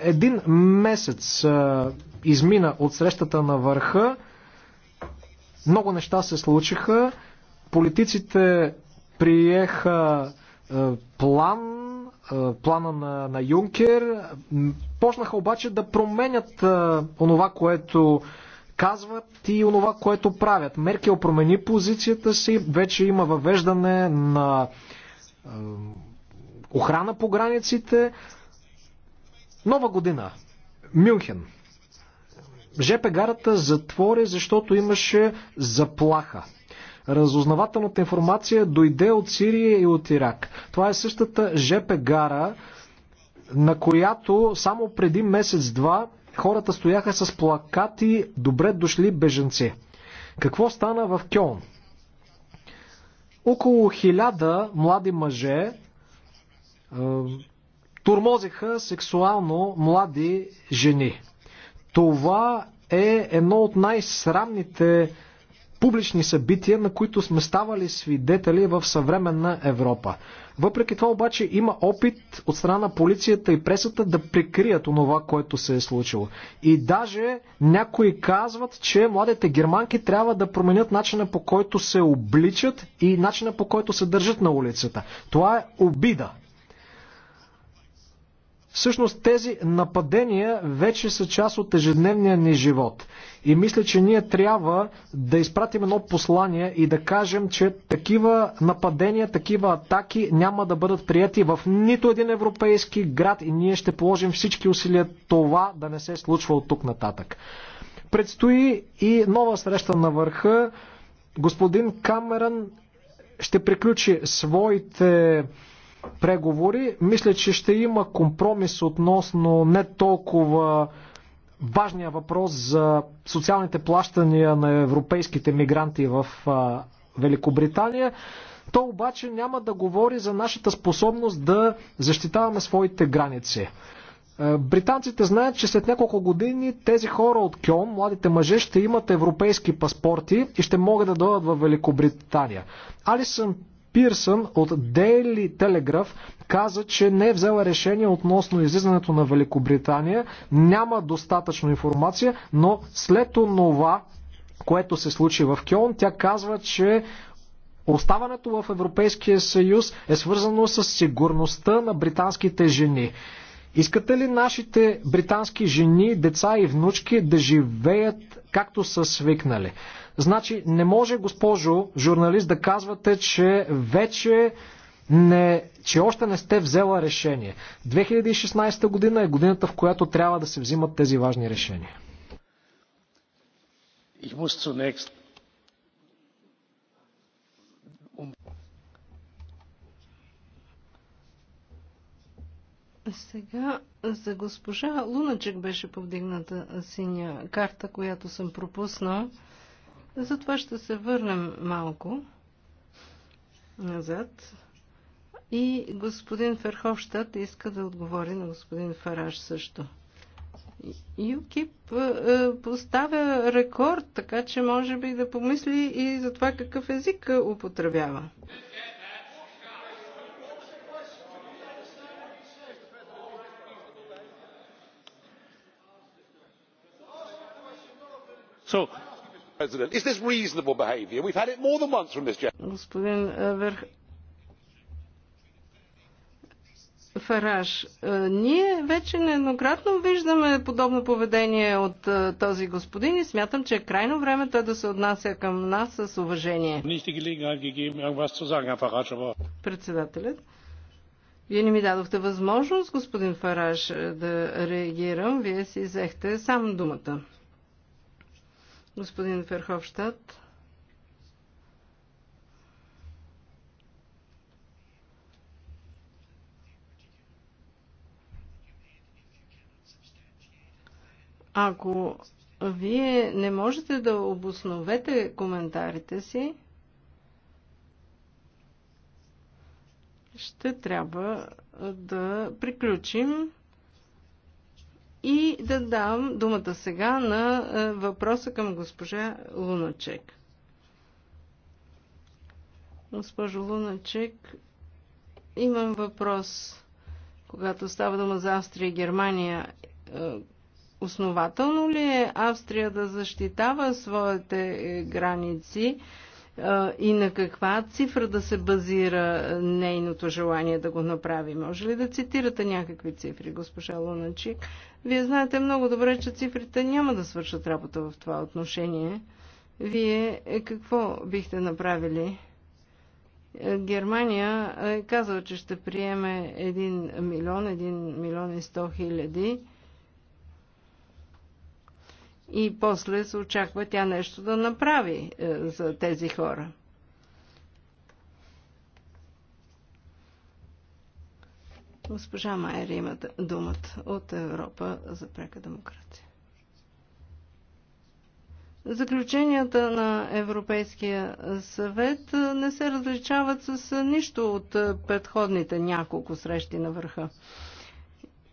Един месец измина от срещата на върха. Много неща се случиха. Политиците приеха план плана на, на Юнкер. Почнаха обаче да променят а, онова, което казват и онова, което правят. Меркел промени позицията си, вече има въвеждане на а, охрана по границите. Нова година. Мюнхен. ЖП гарата затвори, защото имаше заплаха. Разузнавателната информация дойде от Сирия и от Ирак. Това е същата ЖП гара, на която само преди месец-два хората стояха с плакати «Добре дошли беженци». Какво стана в Кьон? Около хиляда млади мъже е, турмозиха сексуално млади жени. Това е едно от най-срамните публични събития, на които сме ставали свидетели в съвременна Европа. Въпреки това обаче има опит от страна на полицията и пресата да прикрият онова, което се е случило. И даже някои казват, че младите германки трябва да променят начина по който се обличат и начина по който се държат на улицата. Това е обида. Всъщност тези нападения вече са част от ежедневния ни живот. И мисля, че ние трябва да изпратим едно послание и да кажем, че такива нападения, такива атаки няма да бъдат прияти в нито един европейски град и ние ще положим всички усилия това да не се случва от тук нататък. Предстои и нова среща на върха. Господин Камерън ще приключи своите преговори. Мисля, че ще има компромис относно не толкова важния въпрос за социалните плащания на европейските мигранти в Великобритания. То обаче няма да говори за нашата способност да защитаваме своите граници. Британците знаят, че след няколко години тези хора от Кьон, младите мъже, ще имат европейски паспорти и ще могат да дойдат в Великобритания. Алисън Пирсън от Daily Telegraph каза, че не е взела решение относно излизането на Великобритания. Няма достатъчно информация, но след това, което се случи в Кьон, тя казва, че оставането в Европейския съюз е свързано с сигурността на британските жени. Искате ли нашите британски жени, деца и внучки да живеят както са свикнали? Значи не може, госпожо журналист, да казвате, че вече не, че още не сте взела решение. 2016 година е годината, в която трябва да се взимат тези важни решения. Um- Сега за госпожа Луначек беше повдигната синя карта, която съм пропуснал. Затова ще се върнем малко назад. И господин Ферховщад иска да отговори на господин Фараш също. ЮКИП е, е, поставя рекорд, така че може би да помисли и за това какъв език е, употребява. So, Господин eh, Верх... Фараш, eh, ние вече нееднократно виждаме подобно поведение от eh, този господин и смятам, че е крайно време той да се отнася към нас с уважение. Председателят. Вие не ми дадохте възможност, господин Фараш, да реагирам. Вие си взехте сам думата господин Ферховщад. Ако вие не можете да обосновете коментарите си, ще трябва да приключим и да дам думата сега на е, въпроса към госпожа Луначек. Госпожо Луначек, имам въпрос. Когато става дума за Австрия и Германия, е, основателно ли е Австрия да защитава своите е, граници и на каква цифра да се базира нейното желание да го направи? Може ли да цитирате някакви цифри, госпожа Луначик? Вие знаете много добре, че цифрите няма да свършат работа в това отношение. Вие е, какво бихте направили? Е, Германия е казала, че ще приеме 1 милион, 1 милион и 100 хиляди. И после се очаква тя нещо да направи е, за тези хора. Госпожа Майер има думата от Европа за прека демокрация. Заключенията на Европейския съвет не се различават с нищо от предходните няколко срещи на върха.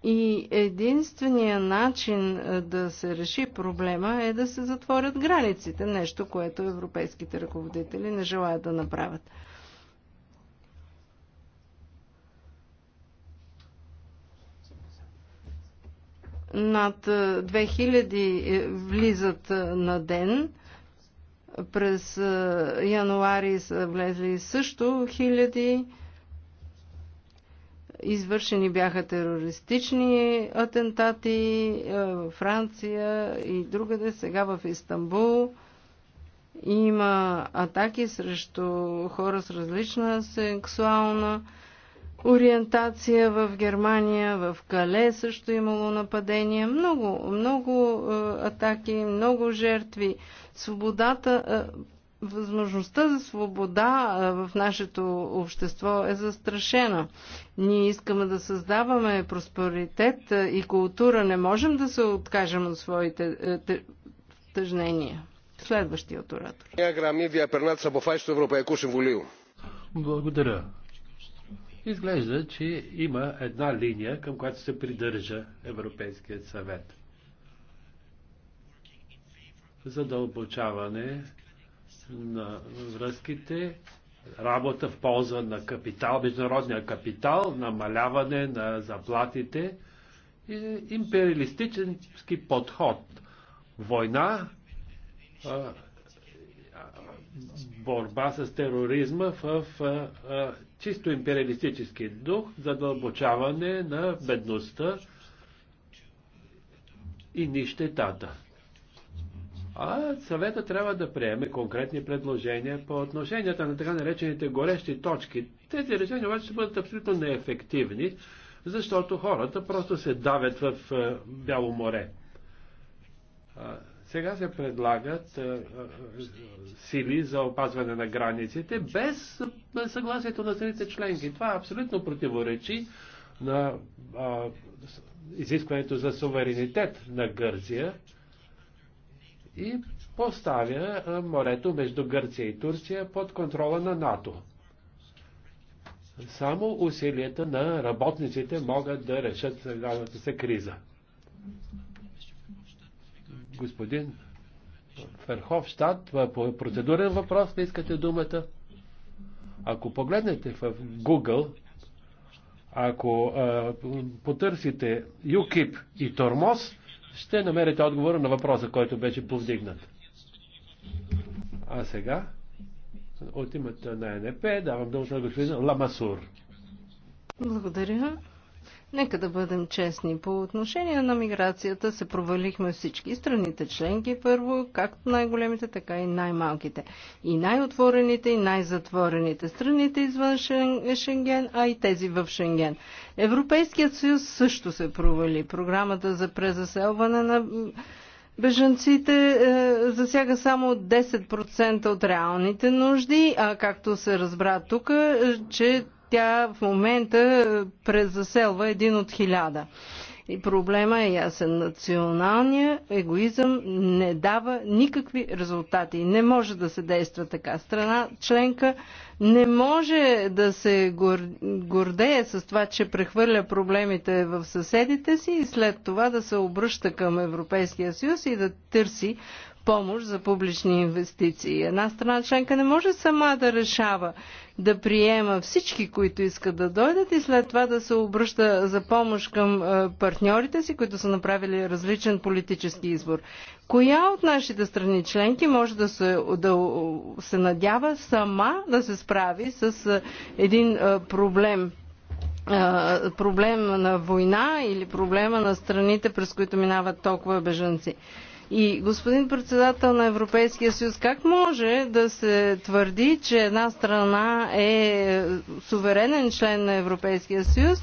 И единствения начин да се реши проблема е да се затворят границите, нещо, което европейските ръководители не желаят да направят. над 2000 е, е, влизат е, на ден. През януари са влезли също хиляди. Извършени бяха терористични атентати в Франция и другаде. Сега в Истанбул има атаки срещу хора с различна сексуална ориентация в Германия, в Кале също имало нападения, много, много е, атаки, много жертви. Свободата, е, възможността за свобода е, в нашето общество е застрашена. Ние искаме да създаваме просперитет и култура. Не можем да се откажем от своите тъжнения. Следващият оратор. Благодаря изглежда, че има една линия, към която се придържа Европейският съвет. Задълбочаване на връзките, работа в полза на капитал, международния капитал, намаляване на заплатите и империалистически подход. Война, борба с тероризма в чисто империалистически дух, задълбочаване на бедността и нищетата. А съвета трябва да приеме конкретни предложения по отношенията на така наречените горещи точки. Тези решения обаче ще бъдат абсолютно неефективни, защото хората просто се давят в е, Бяло море. Сега се предлагат а, а, сили за опазване на границите без съгласието на страните членки. Това абсолютно противоречи на а, изискването за суверенитет на Гърция и поставя морето между Гърция и Турция под контрола на НАТО. Само усилията на работниците могат да решат създаването се криза господин това е по процедурен въпрос не искате думата? Ако погледнете в Google, ако а, потърсите ЮКИП и Тормоз, ще намерите отговора на въпроса, който беше повдигнат. А сега, от името на НП, давам думата на господин Ламасур. Благодаря. Нека да бъдем честни. По отношение на миграцията се провалихме всички страните членки първо, както най-големите, така и най-малките. И най-отворените, и най-затворените. Страните извън Шенген, а и тези в Шенген. Европейският съюз също се провали. Програмата за презаселване на Бежанците е, засяга само 10% от реалните нужди, а както се разбра тук, е, че тя в момента презаселва един от хиляда. И проблема е ясен. Националният егоизъм не дава никакви резултати. Не може да се действа така. Страна членка не може да се гордее с това, че прехвърля проблемите в съседите си и след това да се обръща към Европейския съюз и да търси помощ за публични инвестиции. Една страна членка не може сама да решава да приема всички, които искат да дойдат и след това да се обръща за помощ към е, партньорите си, които са направили различен политически избор. Коя от нашите страни членки може да се, да се надява сама да се справи с е, един е, проблем, проблем на война или проблема на страните, през които минават толкова бежанци. И господин председател на Европейския съюз, как може да се твърди, че една страна е суверенен член на Европейския съюз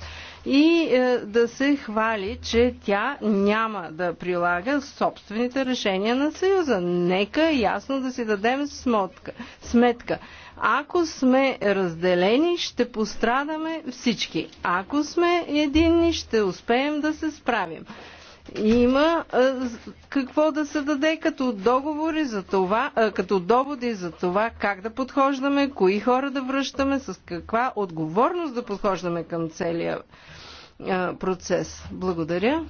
и е, да се хвали, че тя няма да прилага собствените решения на съюза? Нека ясно да си дадем смотка, сметка. Ако сме разделени, ще пострадаме всички. Ако сме единни, ще успеем да се справим има какво да се даде като, договори за това, като доводи за това как да подхождаме, кои хора да връщаме, с каква отговорност да подхождаме към целия процес. Благодаря.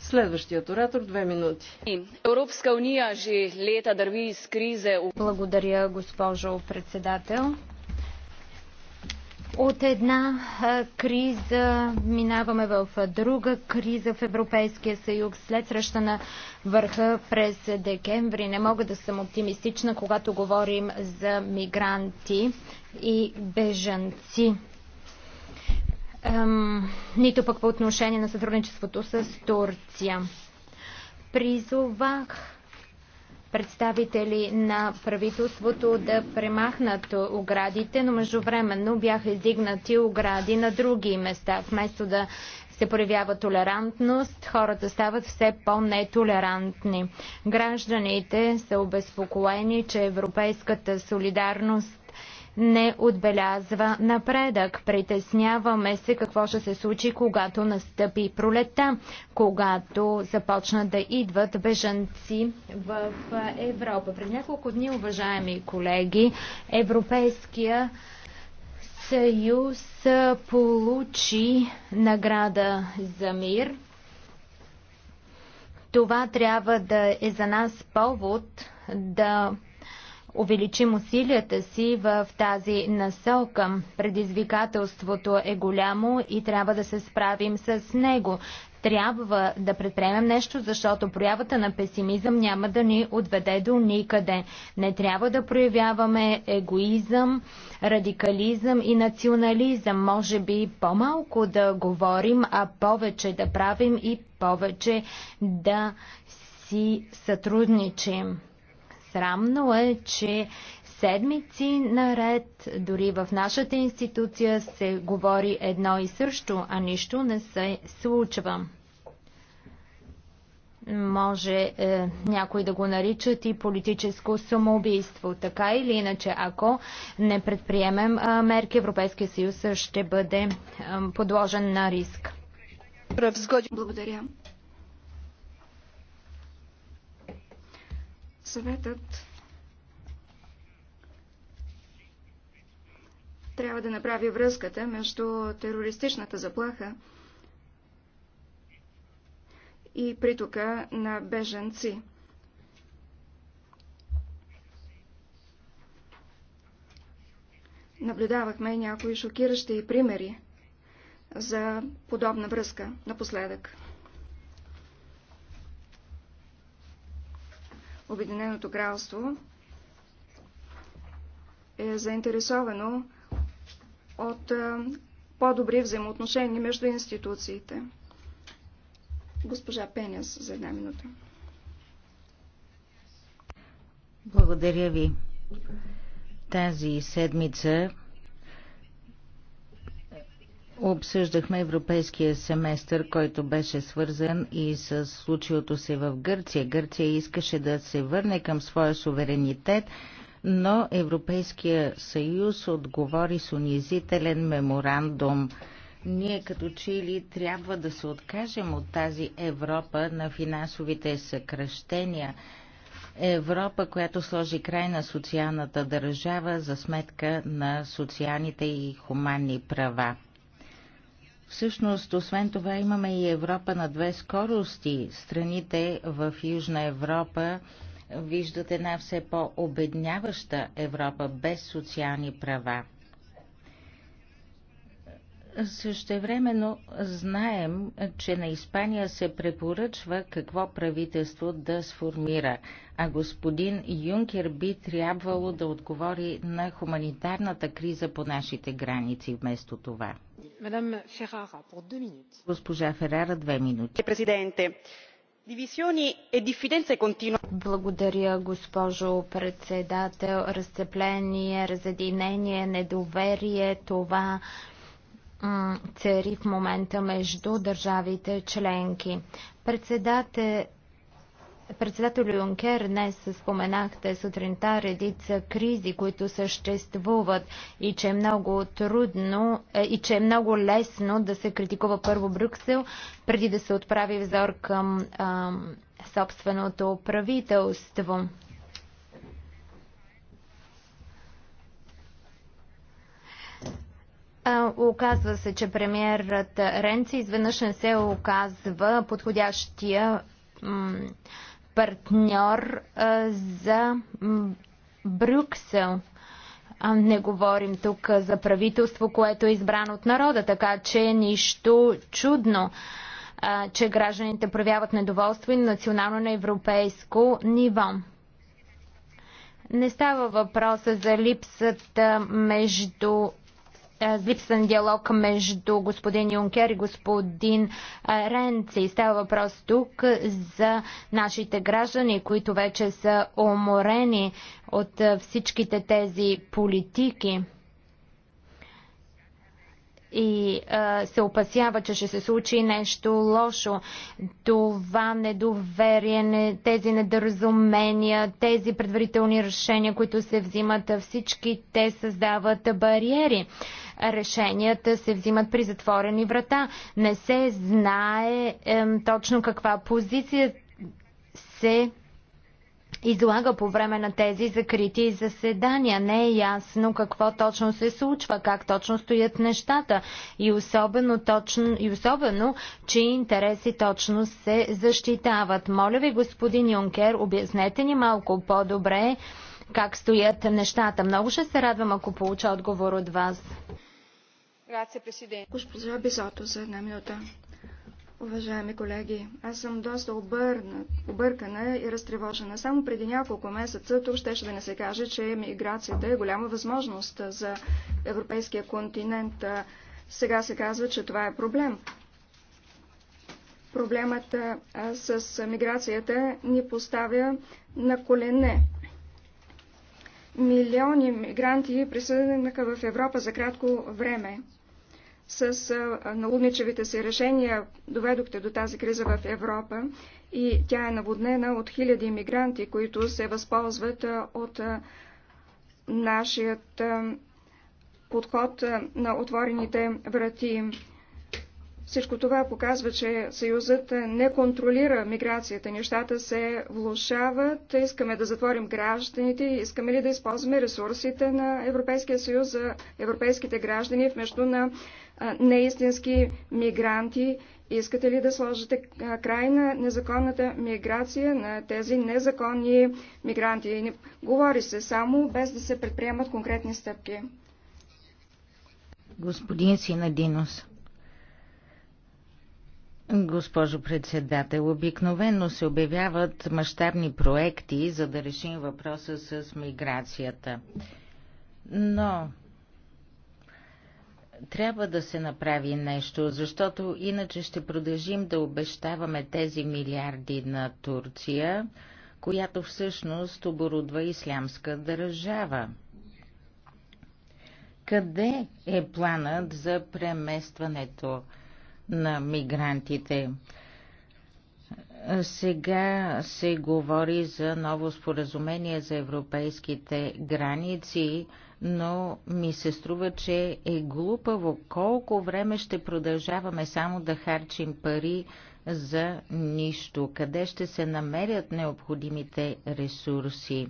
Следващият оратор, две минути. Европска уния же лета дърви с кризе. Благодаря, госпожо председател. От една криза минаваме в друга криза в Европейския съюз след среща на върха през декември. Не мога да съм оптимистична, когато говорим за мигранти и бежанци. Ем, нито пък по отношение на сътрудничеството с Турция. Призовах представители на правителството да премахнат оградите, но междувременно бяха издигнати огради на други места. Вместо да се проявява толерантност, хората стават все по-нетолерантни. Гражданите са обезпокоени, че европейската солидарност не отбелязва напредък. Притесняваме се какво ще се случи, когато настъпи пролета, когато започнат да идват бежанци в Европа. Пред няколко дни, уважаеми колеги, Европейския съюз получи награда за мир. Това трябва да е за нас повод да увеличим усилията си в тази насока. Предизвикателството е голямо и трябва да се справим с него. Трябва да предприемем нещо, защото проявата на песимизъм няма да ни отведе до никъде. Не трябва да проявяваме егоизъм, радикализъм и национализъм. Може би по-малко да говорим, а повече да правим и повече да си сътрудничим. Срамно е, че седмици наред, дори в нашата институция се говори едно и също, а нищо не се случва. Може е, някой да го наричат и политическо самоубийство. Така или иначе, ако не предприемем е, мерки, Европейския съюз ще бъде е, подложен на риск. Благодаря. Съветът трябва да направи връзката между терористичната заплаха и притока на беженци. Наблюдавахме някои шокиращи примери за подобна връзка напоследък. Обединеното кралство е заинтересовано от по-добри взаимоотношения между институциите. Госпожа Пенес за една минута. Благодаря ви. Тази седмица Обсъждахме европейския семестър, който беше свързан и с случилото се в Гърция. Гърция искаше да се върне към своя суверенитет, но Европейския съюз отговори с унизителен меморандум. Ние като че ли трябва да се откажем от тази Европа на финансовите съкръщения. Европа, която сложи край на социалната държава за сметка на социалните и хуманни права. Всъщност, освен това, имаме и Европа на две скорости. Страните в Южна Европа виждат една все по-обедняваща Европа без социални права. времено знаем, че на Испания се препоръчва какво правителство да сформира, а господин Юнкер би трябвало да отговори на хуманитарната криза по нашите граници вместо това. Е, е Благодаря, госпожо председател. Разцепление, разединение, недоверие, това цари в момента между държавите членки. Председател, Председател Юнкер, днес споменахте сутринта редица кризи, които съществуват и че е много трудно е, и че е много лесно да се критикува първо Брюксел, преди да се отправи взор към а, собственото правителство. Оказва се, че премиерът Ренци изведнъж не се оказва подходящия партньор за Брюксел. Не говорим тук за правителство, което е избрано от народа, така че е нищо чудно, че гражданите проявяват недоволство и на национално на европейско ниво. Не става въпроса за липсата между е, липса на диалог между господин Юнкер и господин е, Ренци. Става въпрос тук за нашите граждани, които вече са уморени от е, всичките тези политики и а, се опасява, че ще се случи нещо лошо. Това недоверие, не, тези недоразумения, тези предварителни решения, които се взимат, всички те създават бариери решенията се взимат при затворени врата. Не се знае е, точно каква позиция се излага по време на тези закрити заседания. Не е ясно какво точно се случва, как точно стоят нещата и особено, точно, и особено чии интереси точно се защитават. Моля ви, господин Юнкер, обяснете ни малко по-добре как стоят нещата. Много ще се радвам, ако получа отговор от вас. Госпожа Бизото за една минута. Уважаеми колеги, аз съм доста обърна, объркана и разтревожена. Само преди няколко месеца тук щеше да не се каже, че миграцията е голяма възможност за европейския континент. Сега се казва, че това е проблем. Проблемът с миграцията ни поставя на колене. Милиони мигранти присъднаха в Европа за кратко време с налудничевите си решения доведохте до тази криза в Европа и тя е наводнена от хиляди иммигранти, които се възползват от нашият подход на отворените врати. Всичко това показва, че Съюзът не контролира миграцията. Нещата се влушават. Искаме да затворим гражданите. Искаме ли да използваме ресурсите на Европейския съюз за европейските граждани вместо на неистински мигранти? Искате ли да сложите край на незаконната миграция на тези незаконни мигранти? Говори се само без да се предприемат конкретни стъпки. Господин Синадинос. Госпожо председател, обикновено се обявяват мащабни проекти, за да решим въпроса с миграцията. Но трябва да се направи нещо, защото иначе ще продължим да обещаваме тези милиарди на Турция, която всъщност оборудва ислямска държава. Къде е планът за преместването? на мигрантите. Сега се говори за ново споразумение за европейските граници, но ми се струва, че е глупаво колко време ще продължаваме само да харчим пари за нищо. Къде ще се намерят необходимите ресурси?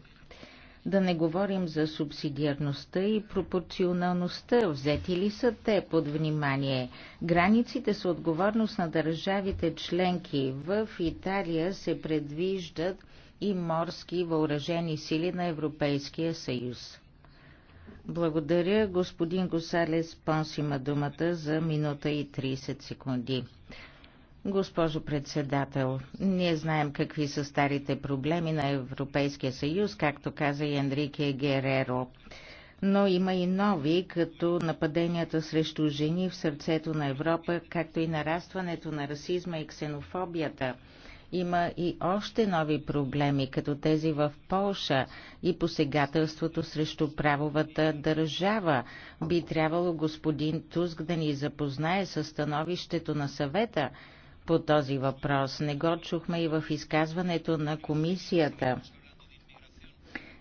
Да не говорим за субсидиарността и пропорционалността. Взети ли са те под внимание? Границите са отговорност на държавите членки. В Италия се предвиждат и морски въоръжени сили на Европейския съюз. Благодаря, господин Госалес Понс има думата за минута и 30 секунди. Госпожо председател, ние знаем какви са старите проблеми на Европейския съюз, както каза и Енрике Гереро. Но има и нови, като нападенията срещу жени в сърцето на Европа, както и нарастването на расизма и ксенофобията. Има и още нови проблеми, като тези в Полша и посегателството срещу правовата държава. Би трябвало господин Туск да ни запознае с становището на съвета, по този въпрос. Не го чухме и в изказването на комисията.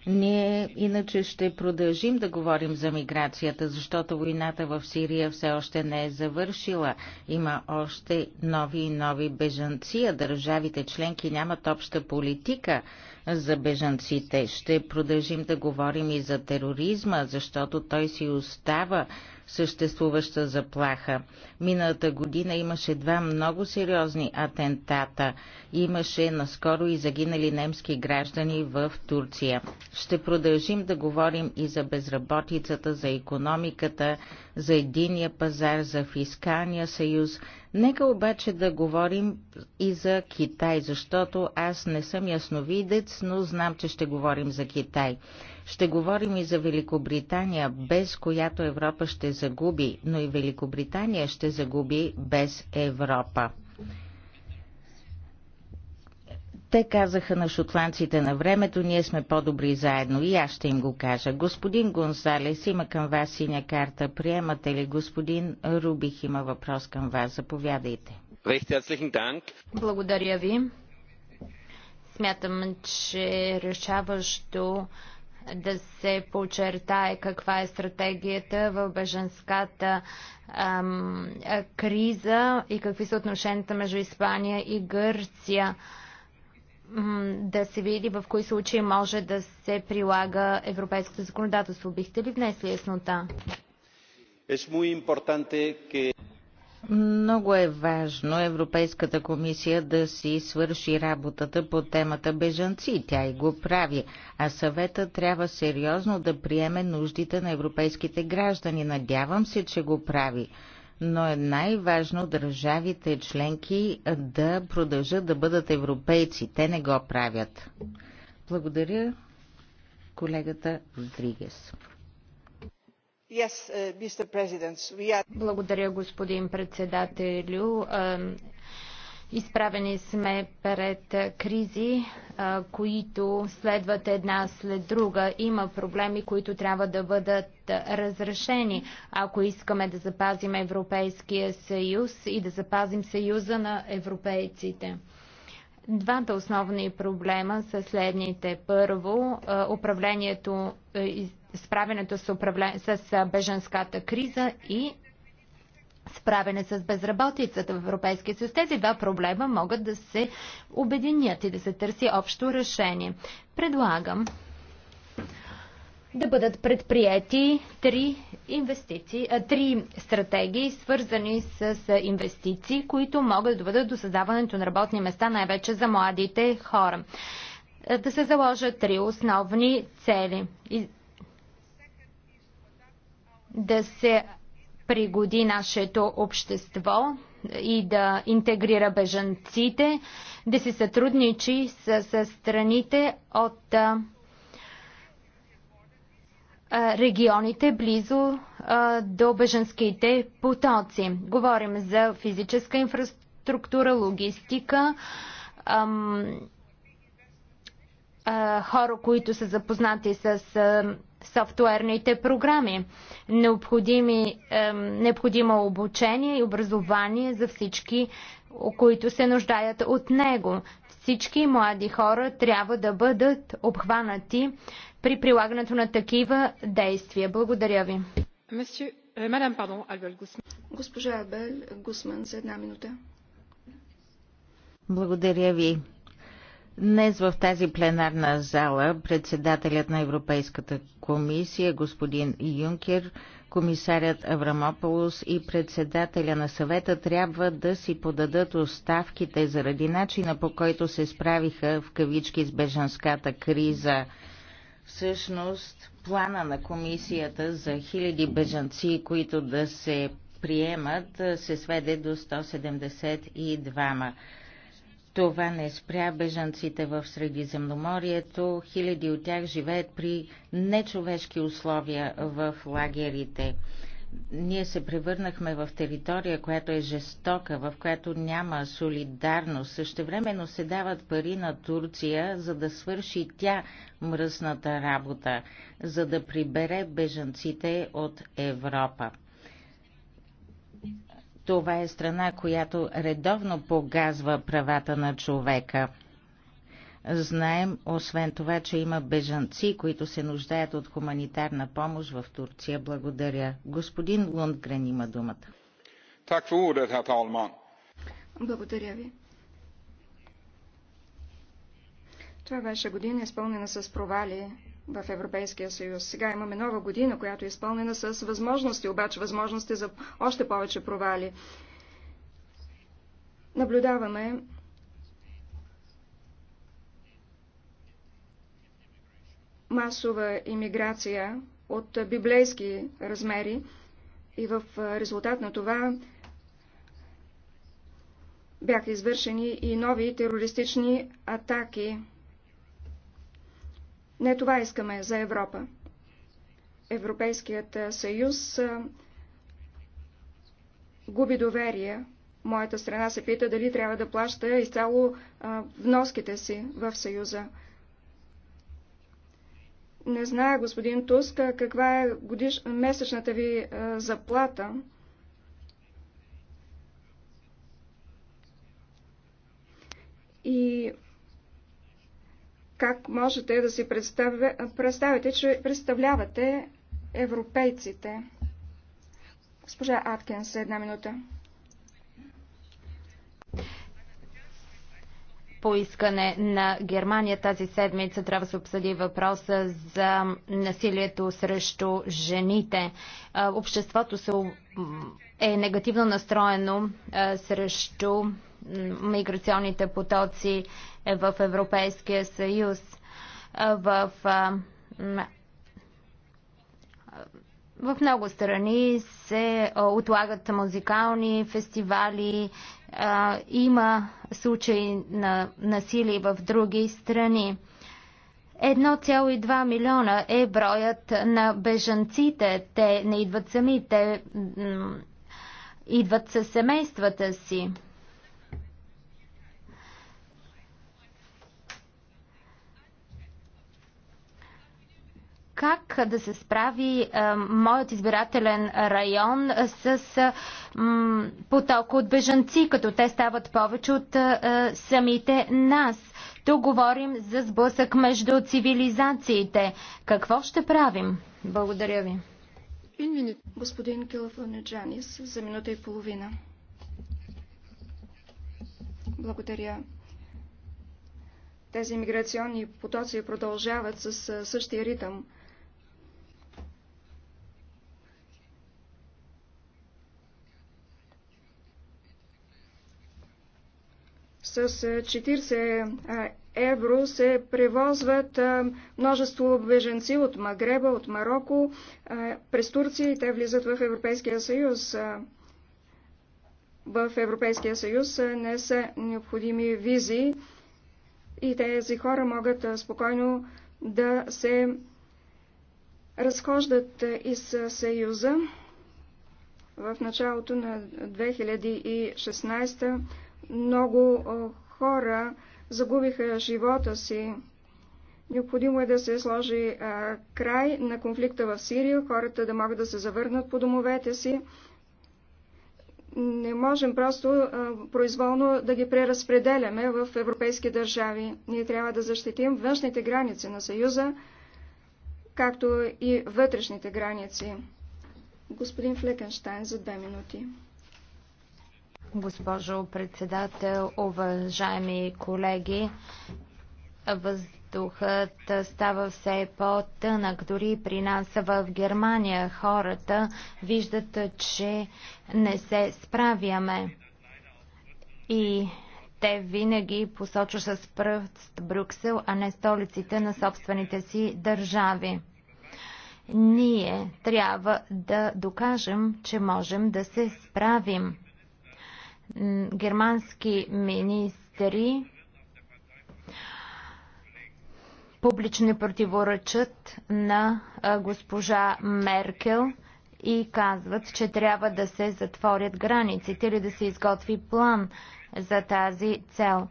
Ние иначе ще продължим да говорим за миграцията, защото войната в Сирия все още не е завършила. Има още нови и нови бежанци, а държавите членки нямат обща политика за бежанците. Ще продължим да говорим и за тероризма, защото той си остава съществуваща заплаха. Миналата година имаше два много сериозни атентата. Имаше наскоро и загинали немски граждани в Турция. Ще продължим да говорим и за безработицата, за економиката, за единия пазар, за фискалния съюз. Нека обаче да говорим и за Китай, защото аз не съм ясновидец, но знам, че ще говорим за Китай. Ще говорим и за Великобритания, без която Европа ще загуби, но и Великобритания ще загуби без Европа. Те казаха на шотландците на времето, ние сме по-добри заедно и аз ще им го кажа. Господин Гонсалес има към вас синя карта. Приемате ли? Господин Рубих има въпрос към вас. Заповядайте. Благодаря ви. Смятам, че решаващо да се подчертае каква е стратегията в беженската ам, криза и какви са отношенията между Испания и Гърция. Да се види в кои случаи може да се прилага европейското законодателство. Бихте ли внесли яснота? Es muy importante que много е важно Европейската комисия да си свърши работата по темата бежанци. Тя и го прави. А съвета трябва сериозно да приеме нуждите на европейските граждани. Надявам се, че го прави. Но е най-важно държавите членки да продължат да бъдат европейци. Те не го правят. Благодаря колегата Дригес. Uh, Благодаря, господин председателю. Изправени сме пред кризи, които следват една след друга. Има проблеми, които трябва да бъдат разрешени, ако искаме да запазим Европейския съюз и да запазим съюза на европейците. Двата основни проблема са следните. Първо, управлението справянето с, управлен... с беженската криза и справяне с безработицата в Европейския съюз. Тези два проблема могат да се обединят и да се търси общо решение. Предлагам да бъдат предприяти три, инвестиции, а, три стратегии, свързани с инвестиции, които могат да бъдат до създаването на работни места, най-вече за младите хора. Да се заложат три основни цели да се пригоди нашето общество и да интегрира бежанците, да се сътрудничи с, с страните от а, регионите близо а, до бежанските потоци. Говорим за физическа инфраструктура, логистика, ам, а, хора, които са запознати с софтуерните програми. Необходими, е, необходимо обучение и образование за всички, които се нуждаят от него. Всички млади хора трябва да бъдат обхванати при прилагането на такива действия. Благодаря ви. Е, Госпожа Абел Гусман за една минута. Благодаря ви. Днес в тази пленарна зала председателят на Европейската комисия господин Юнкер, комисарят Аврамополос и председателя на съвета трябва да си подадат оставките заради начина по който се справиха в кавички с бежанската криза. Всъщност, плана на комисията за хиляди бежанци, които да се приемат, се сведе до 172. Това не спря бежанците в Средиземноморието. Хиляди от тях живеят при нечовешки условия в лагерите. Ние се превърнахме в територия, която е жестока, в която няма солидарност. Същевременно се дават пари на Турция, за да свърши тя мръсната работа, за да прибере бежанците от Европа. Това е страна, която редовно погазва правата на човека. Знаем, освен това, че има бежанци, които се нуждаят от хуманитарна помощ в Турция. Благодаря. Господин Лундгрен има думата. Благодаря ви. Това беше година изпълнена с провали в Европейския съюз. Сега имаме нова година, която е изпълнена с възможности, обаче възможности за още повече провали. Наблюдаваме масова иммиграция от библейски размери и в резултат на това бяха извършени и нови терористични атаки. Не това искаме за Европа. Европейският съюз губи доверие. Моята страна се пита дали трябва да плаща изцяло вноските си в съюза. Не знае, господин Туск, каква е годиш... месечната ви заплата. И как можете да си представя, представите, че представлявате европейците. Госпожа Аткинс, една минута. По искане на Германия тази седмица трябва да се обсъди въпроса за насилието срещу жените. Обществото се е негативно настроено срещу миграционните потоци е в Европейския съюз. В, в много страни се отлагат музикални фестивали, има случаи на насилие в други страни. 1,2 милиона е броят на бежанците. Те не идват сами, те идват със семействата си. как да се справи а, моят избирателен район с м, поток от бежанци, като те стават повече от а, самите нас. Тук говорим за сблъсък между цивилизациите. Какво ще правим? Благодаря ви. Господин Джанис, за минута и половина. Благодаря. Тези миграционни потоци продължават с същия ритъм. с 40 евро се превозват множество беженци от Магреба, от Марокко, през Турция и те влизат в Европейския съюз. В Европейския съюз не са необходими визи и тези хора могат спокойно да се разхождат из Съюза. В началото на 2016 много хора загубиха живота си. Необходимо е да се сложи а, край на конфликта в Сирия, хората да могат да се завърнат по домовете си. Не можем просто а, произволно да ги преразпределяме в европейски държави. Ние трябва да защитим външните граници на Съюза, както и вътрешните граници. Господин Флекенштайн за две минути. Госпожо председател, уважаеми колеги, въздухът става все по-тънък. Дори при нас в Германия хората виждат, че не се справяме. И те винаги посочва с пръст Брюксел, а не столиците на собствените си държави. Ние трябва да докажем, че можем да се справим германски министри публично противоречат на госпожа Меркел и казват, че трябва да се затворят границите или да се изготви план за тази цел.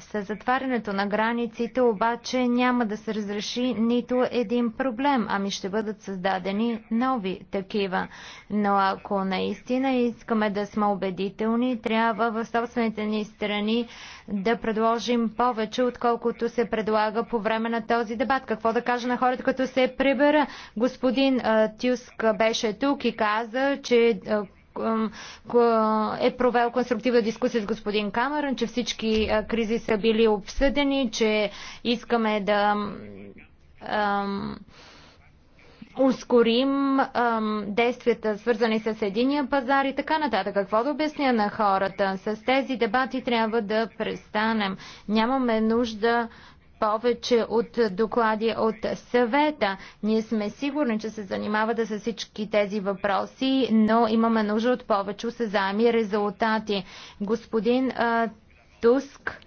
С затварянето на границите обаче няма да се разреши нито един проблем, ами ще бъдат създадени нови такива. Но ако наистина искаме да сме убедителни, трябва в собствените ни страни да предложим повече, отколкото се предлага по време на този дебат. Какво да кажа на хората, като се прибера? Господин Тюск беше тук и каза, че е провел конструктивна дискусия с господин Камерън, че всички кризи са били обсъдени, че искаме да ускорим ам, действията, свързани с единия пазар и така нататък. Какво да обясня на хората? С тези дебати трябва да престанем. Нямаме нужда повече от доклади от съвета. Ние сме сигурни, че се занимавате с всички тези въпроси, но имаме нужда от повече осезаеми резултати. Господин Туск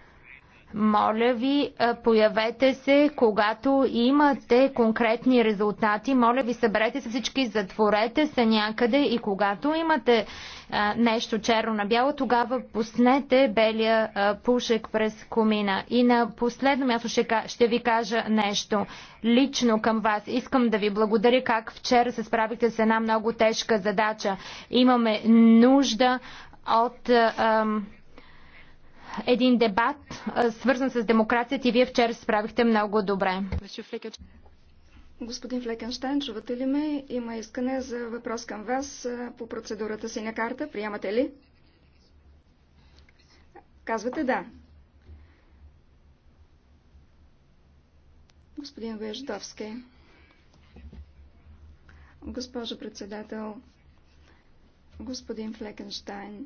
моля ви, появете се, когато имате конкретни резултати. Моля ви, съберете се всички, затворете се някъде и когато имате а, нещо черно на бяло, тогава пуснете белия а, пушек през комина. И на последно място ще, ще ви кажа нещо лично към вас. Искам да ви благодаря как вчера се справихте с една много тежка задача. Имаме нужда от... А, един дебат, свързан с демокрацията и вие вчера справихте много добре. Господин Флекенштайн, чувате ли ме? Има искане за въпрос към вас по процедурата синя карта. Приемате ли? Казвате да. Господин Веждовски. Госпожо председател, господин Флекенштайн,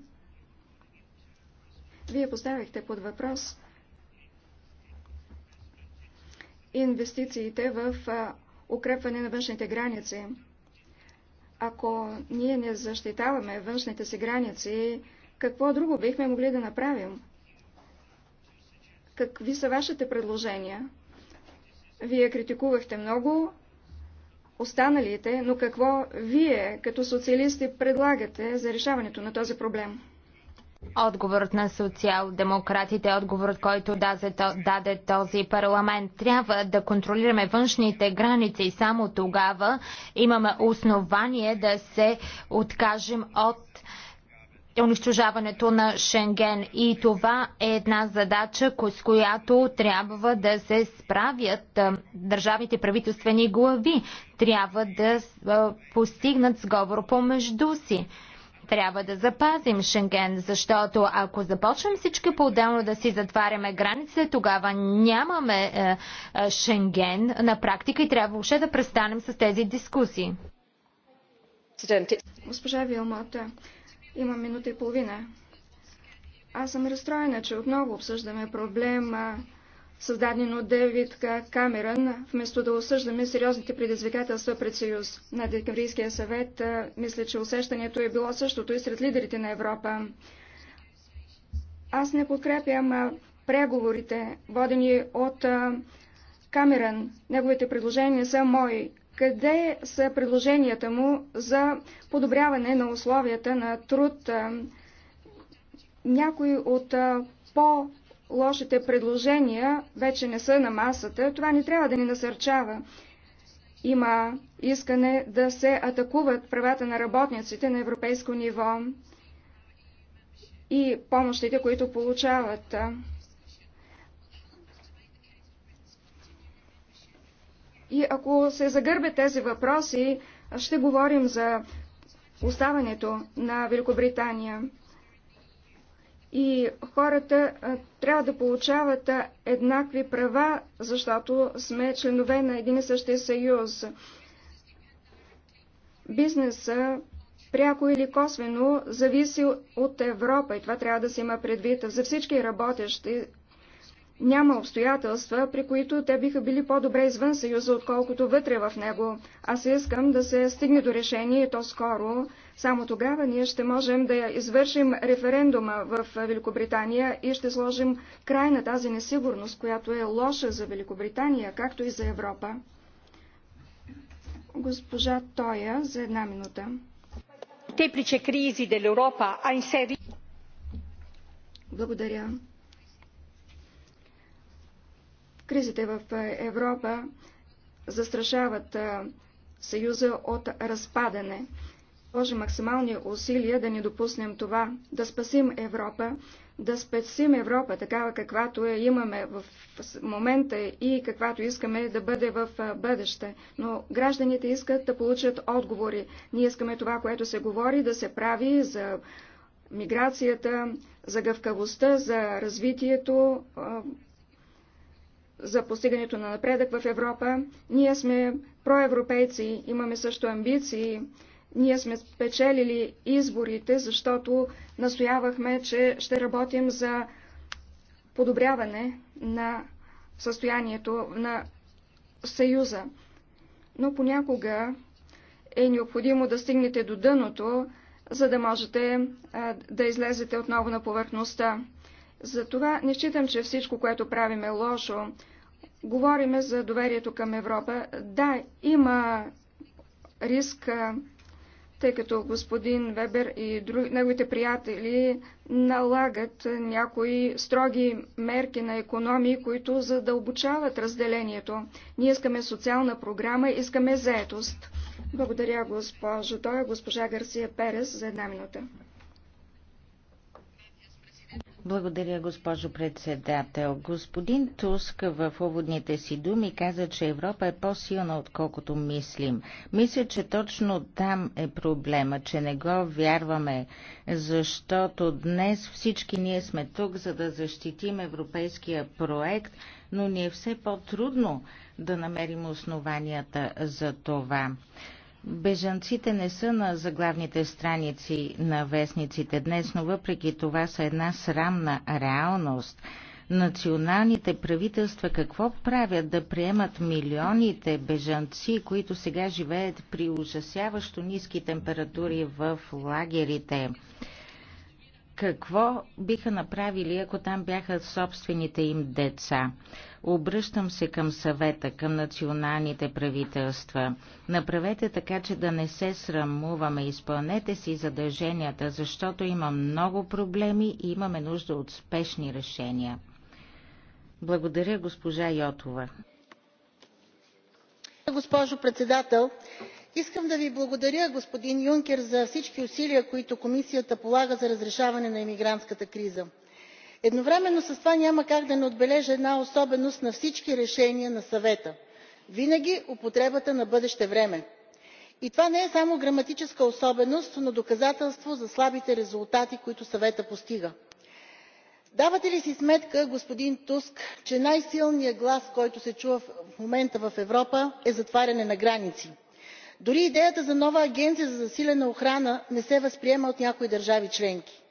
вие поставихте под въпрос инвестициите в укрепване на външните граници. Ако ние не защитаваме външните си граници, какво друго бихме могли да направим? Какви са вашите предложения? Вие критикувахте много останалите, но какво вие като социалисти предлагате за решаването на този проблем? Отговорът на социал-демократите е отговорът, който даде този парламент. Трябва да контролираме външните граници и само тогава имаме основание да се откажем от унищожаването на Шенген. И това е една задача, с която трябва да се справят държавите правителствени глави. Трябва да постигнат сговор помежду си. Трябва да запазим Шенген, защото ако започнем всички по-отделно да си затваряме границите, тогава нямаме е, е, Шенген на практика и трябва още да престанем с тези дискусии. Госпожа Вилмата, има минута и половина. Аз съм разстроена, че отново обсъждаме проблема създаден от Дэвид Камерън, вместо да осъждаме сериозните предизвикателства пред Съюз. На Декабрийския съвет мисля, че усещането е било същото и сред лидерите на Европа. Аз не подкрепям преговорите, водени от Камерън. Неговите предложения са мои. Къде са предложенията му за подобряване на условията на труд? Някои от по- лошите предложения вече не са на масата, това не трябва да ни насърчава. Има искане да се атакуват правата на работниците на европейско ниво и помощите, които получават. И ако се загърбят тези въпроси, ще говорим за оставането на Великобритания и хората трябва да получават еднакви права, защото сме членове на един и същия съюз. Бизнеса пряко или косвено зависи от Европа и това трябва да се има предвид за всички работещи няма обстоятелства, при които те биха били по-добре извън Съюза, отколкото вътре в него. Аз искам да се стигне до решение, и то скоро. Само тогава ние ще можем да извършим референдума в Великобритания и ще сложим край на тази несигурност, която е лоша за Великобритания, както и за Европа. Госпожа Тоя за една минута. Теплича кризи дел Европа, а Благодаря. Кризите в Европа застрашават Съюза от разпадане. Може максимални усилия да не допуснем това, да спасим Европа, да спасим Европа такава каквато я имаме в момента и каквато искаме да бъде в бъдеще. Но гражданите искат да получат отговори. Ние искаме това, което се говори, да се прави за миграцията, за гъвкавостта, за развитието за постигането на напредък в Европа. Ние сме проевропейци, имаме също амбиции. Ние сме спечелили изборите, защото настоявахме, че ще работим за подобряване на състоянието на Съюза. Но понякога е необходимо да стигнете до дъното, за да можете а, да излезете отново на повърхността. Затова не считам, че всичко, което правим е лошо. Говориме за доверието към Европа. Да, има риск, тъй като господин Вебер и друг, неговите приятели налагат някои строги мерки на економии, които задълбочават разделението. Ние искаме социална програма, искаме заетост. Благодаря, госпожо. Той госпожа Гарсия Перес за една минута. Благодаря, госпожо председател. Господин Туск в уводните си думи каза, че Европа е по-силна, отколкото мислим. Мисля, че точно там е проблема, че не го вярваме, защото днес всички ние сме тук, за да защитим европейския проект, но ни е все по-трудно да намерим основанията за това. Бежанците не са на заглавните страници на вестниците днес, но въпреки това са една срамна реалност. Националните правителства какво правят да приемат милионите бежанци, които сега живеят при ужасяващо ниски температури в лагерите? какво биха направили, ако там бяха собствените им деца. Обръщам се към съвета, към националните правителства. Направете така, че да не се срамуваме. Изпълнете си задълженията, защото има много проблеми и имаме нужда от спешни решения. Благодаря, госпожа Йотова. Госпожо председател, искам да ви благодаря господин юнкер за всички усилия които комисията полага за разрешаване на имигрантската криза. едновременно с това няма как да не отбележа една особеност на всички решения на съвета винаги употребата на бъдеще време. и това не е само граматическа особеност но доказателство за слабите резултати които съветът постига. давате ли си сметка господин туск че най силният глас който се чува в момента в европа е затваряне на граници? дори идеята за нова агенция за засилена охрана не се възприема от някои държави членки.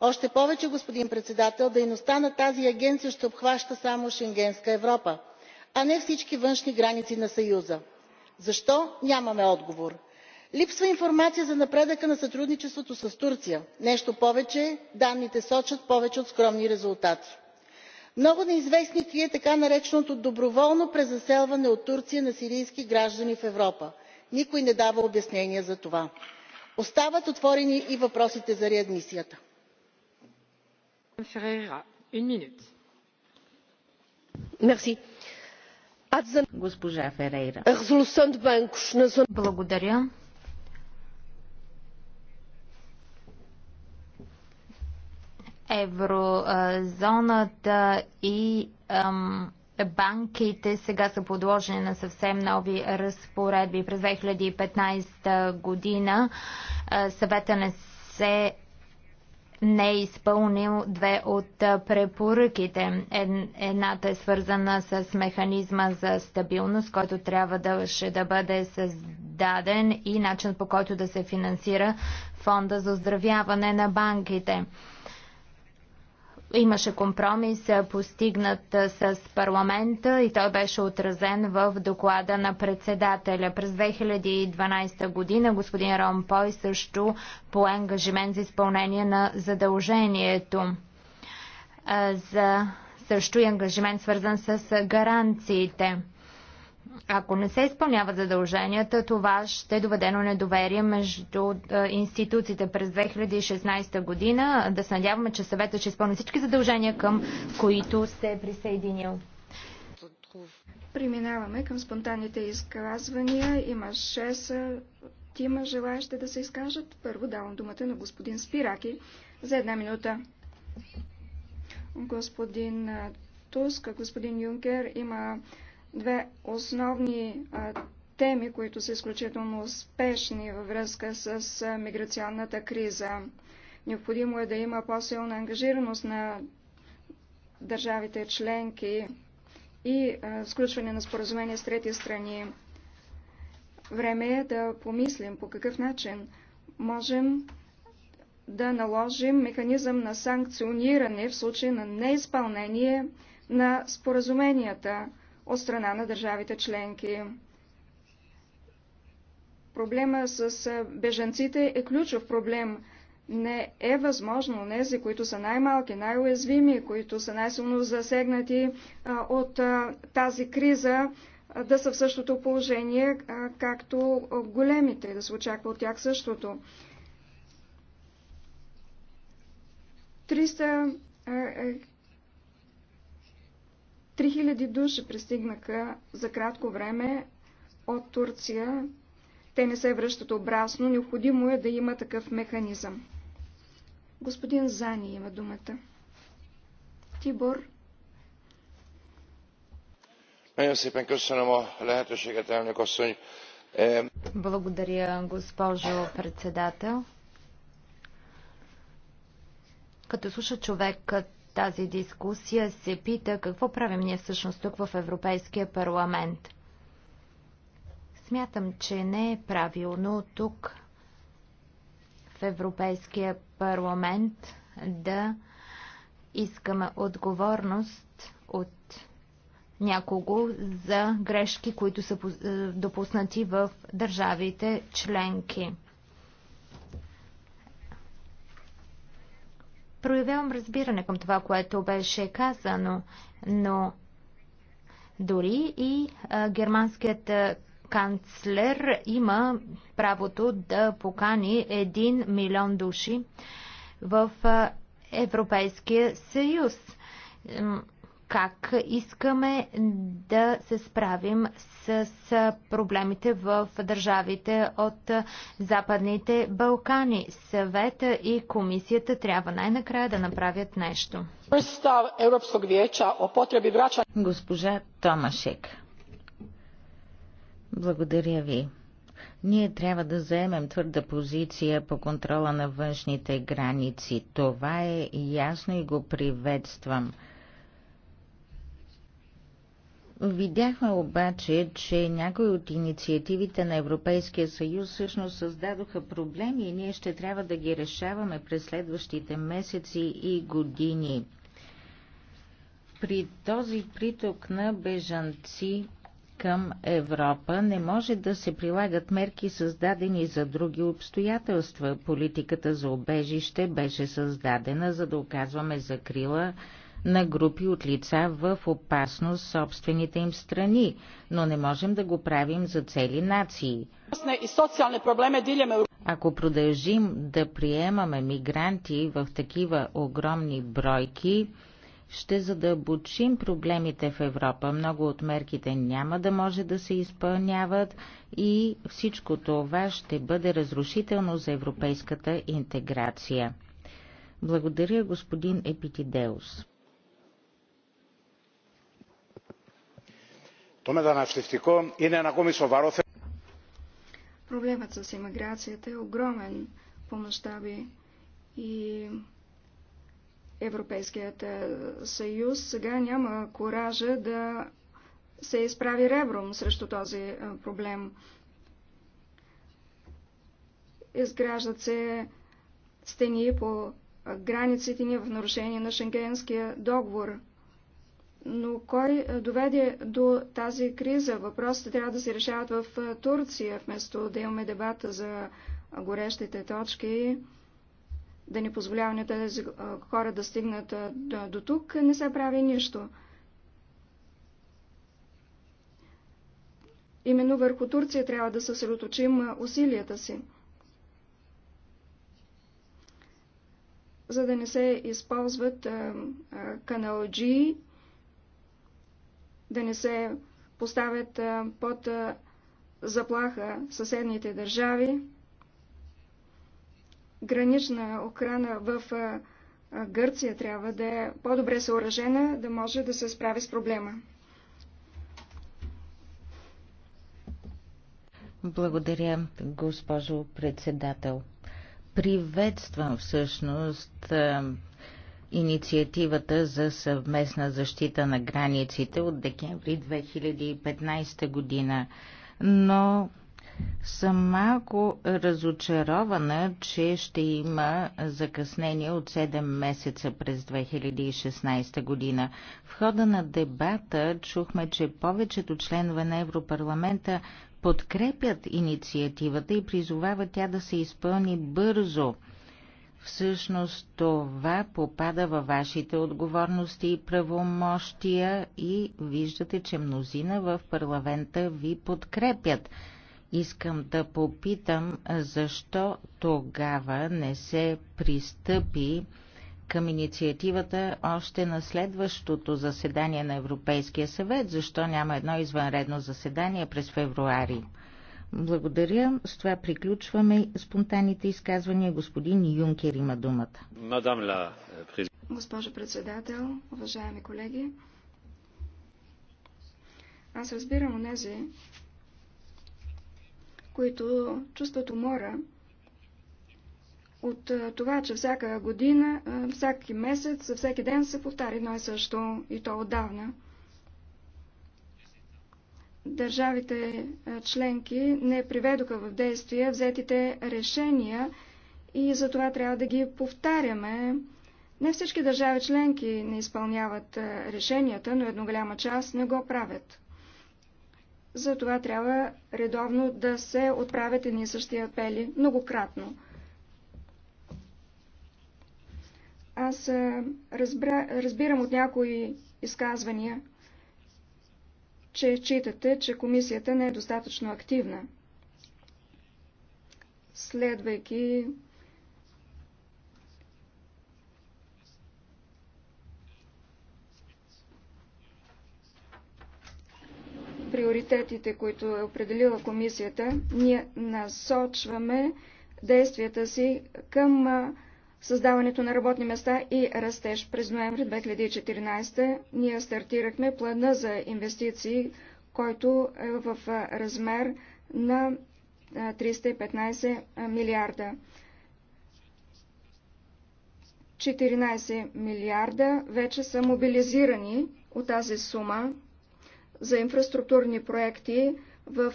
още повече господин председател дейността на тази агенция ще обхваща само шенгенска европа а не всички външни граници на съюза. защо нямаме отговор. липсва информация за напредъка на сътрудничеството с турция. нещо повече данните сочат повече от скромни резултати. много неизвестни крие така нареченото доброволно презаселване от турция на сирийски граждани в европа никой не дава обяснение за това. остават отворени и въпросите за реадмисията. Благодаря. еврозоната и ам, Банките сега са подложени на съвсем нови разпоредби. През 2015 година съвета не се не е изпълнил две от препоръките. Едната е свързана с механизма за стабилност, който трябва да, ще да бъде създаден и начин по който да се финансира фонда за оздравяване на банките. Имаше компромис постигнат с парламента и той беше отразен в доклада на председателя. През 2012 година господин Ромпой също по ангажимент за изпълнение на задължението за също и ангажимент свързан с гаранциите. Ако не се изпълняват задълженията, това ще доведе до недоверие между е, институциите през 2016 година. Да се надяваме, че съвета ще изпълни всички задължения, към които се е присъединил. Преминаваме към спонтанните изказвания. Има 6 е, тима желаящи да се изкажат. Първо давам думата на господин Спираки за една минута. Господин е, Туск, господин Юнкер има две основни а, теми, които са изключително успешни във връзка с а, миграционната криза. Необходимо е да има по-силна ангажираност на държавите членки и а, сключване на споразумение с трети страни. Време е да помислим по какъв начин можем да наложим механизъм на санкциониране в случай на неизпълнение на споразуменията от страна на държавите членки. Проблема с беженците е ключов проблем. Не е възможно тези, които са най-малки, най-уязвими, които са най-силно засегнати от тази криза, да са в същото положение, както големите, да се очаква от тях същото. 300 3000 души пристигнаха за кратко време от Турция. Те не се връщат обрасно. Необходимо е да има такъв механизъм. Господин Зани има думата. Тибор. Благодаря, госпожо председател. Като слуша човекът тази дискусия се пита какво правим ние всъщност тук в Европейския парламент. Смятам, че не е правилно тук в Европейския парламент да искаме отговорност от някого за грешки, които са е, допуснати в държавите членки. Проявявам разбиране към това, което беше казано, но дори и а, германският канцлер има правото да покани 1 милион души в Европейския съюз как искаме да се справим с проблемите в държавите от Западните Балкани. Съвета и комисията трябва най-накрая да направят нещо. Госпожа Томашек, благодаря ви. Ние трябва да заемем твърда позиция по контрола на външните граници. Това е ясно и го приветствам – Видяхме обаче, че някои от инициативите на Европейския съюз всъщност създадоха проблеми и ние ще трябва да ги решаваме през следващите месеци и години. При този приток на бежанци към Европа не може да се прилагат мерки създадени за други обстоятелства. Политиката за обежище беше създадена, за да оказваме закрила на групи от лица в опасност собствените им страни, но не можем да го правим за цели нации. Ако продължим да приемаме мигранти в такива огромни бройки, ще задълбочим проблемите в Европа. Много от мерките няма да може да се изпълняват и всичко това ще бъде разрушително за европейската интеграция. Благодаря, господин Епитидеус. Το μεταναστευτικό είναι ένα ακόμη σοβαρό θέμα. Проблемът с иммиграцията е огромен по мащаби и Европейският съюз сега няма коража да се изправи ребром срещу този проблем. Изграждат се стени по границите ни в нарушение на Шенгенския договор. Но кой е, доведе до тази криза? Въпросите трябва да се решават в е, Турция, вместо да имаме дебата за горещите точки, да не позволяваме тези е, хора да стигнат до тук, не се прави нищо. Именно върху Турция трябва да съсредоточим усилията си. за да не се използват каналджии, да не се поставят под заплаха съседните държави. Гранична охрана в Гърция трябва да е по-добре съоръжена, да може да се справи с проблема. Благодаря, госпожо председател. Приветствам всъщност инициативата за съвместна защита на границите от декември 2015 година. Но съм малко разочарована, че ще има закъснение от 7 месеца през 2016 година. В хода на дебата чухме, че повечето членове на Европарламента подкрепят инициативата и призовават тя да се изпълни бързо – Всъщност това попада във вашите отговорности и правомощия и виждате, че мнозина в парламента ви подкрепят. Искам да попитам, защо тогава не се пристъпи към инициативата още на следващото заседание на Европейския съвет, защо няма едно извънредно заседание през февруари. Благодаря. С това приключваме спонтанните изказвания. Господин Юнкер има думата. Мадам е, Госпожо председател, уважаеми колеги, аз разбирам онези, които чувстват умора от е, това, че всяка година, е, всеки месец, всеки ден се повтаря едно и също и то отдавна държавите членки не приведоха в действие взетите решения и за това трябва да ги повтаряме. Не всички държави членки не изпълняват решенията, но едно голяма част не го правят. За това трябва редовно да се отправят едни и същи апели, многократно. Аз разбира, разбирам от някои изказвания, че читате, че комисията не е достатъчно активна. Следвайки приоритетите, които е определила комисията, ние насочваме действията си към създаването на работни места и растеж. През ноември 2014 ние стартирахме плана за инвестиции, който е в размер на 315 милиарда. 14 милиарда вече са мобилизирани от тази сума за инфраструктурни проекти в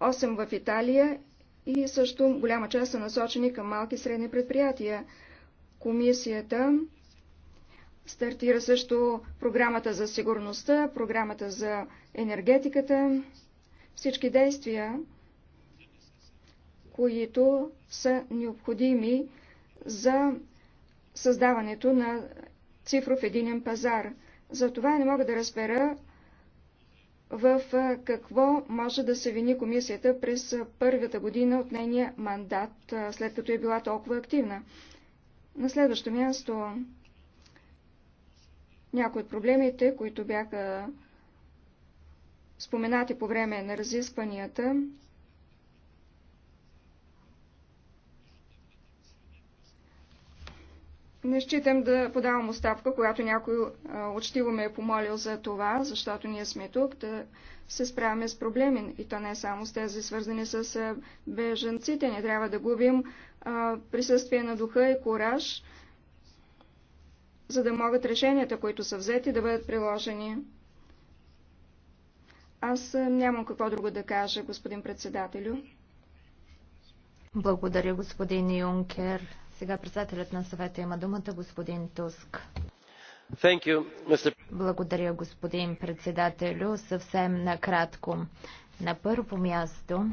8 в Италия и също голяма част са насочени към малки и средни предприятия. Комисията стартира също програмата за сигурността, програмата за енергетиката, всички действия, които са необходими за създаването на цифров единен пазар. Затова не мога да разбера в какво може да се вини комисията през първата година от нейния мандат, след като е била толкова активна. На следващо място, някои от проблемите, които бяха споменати по време на разискванията, Не считам да подавам оставка, която някой учтиво ме е помолил за това, защото ние сме тук да се справяме с проблеми. И то не само с тези свързани с беженците. Не трябва да губим присъствие на духа и кураж, за да могат решенията, които са взети, да бъдат приложени. Аз нямам какво друго да кажа, господин председателю. Благодаря, господин Юнкер. Сега председателят на съвета има думата, господин Туск. You, Благодаря, господин председателю. Съвсем накратко. На първо място,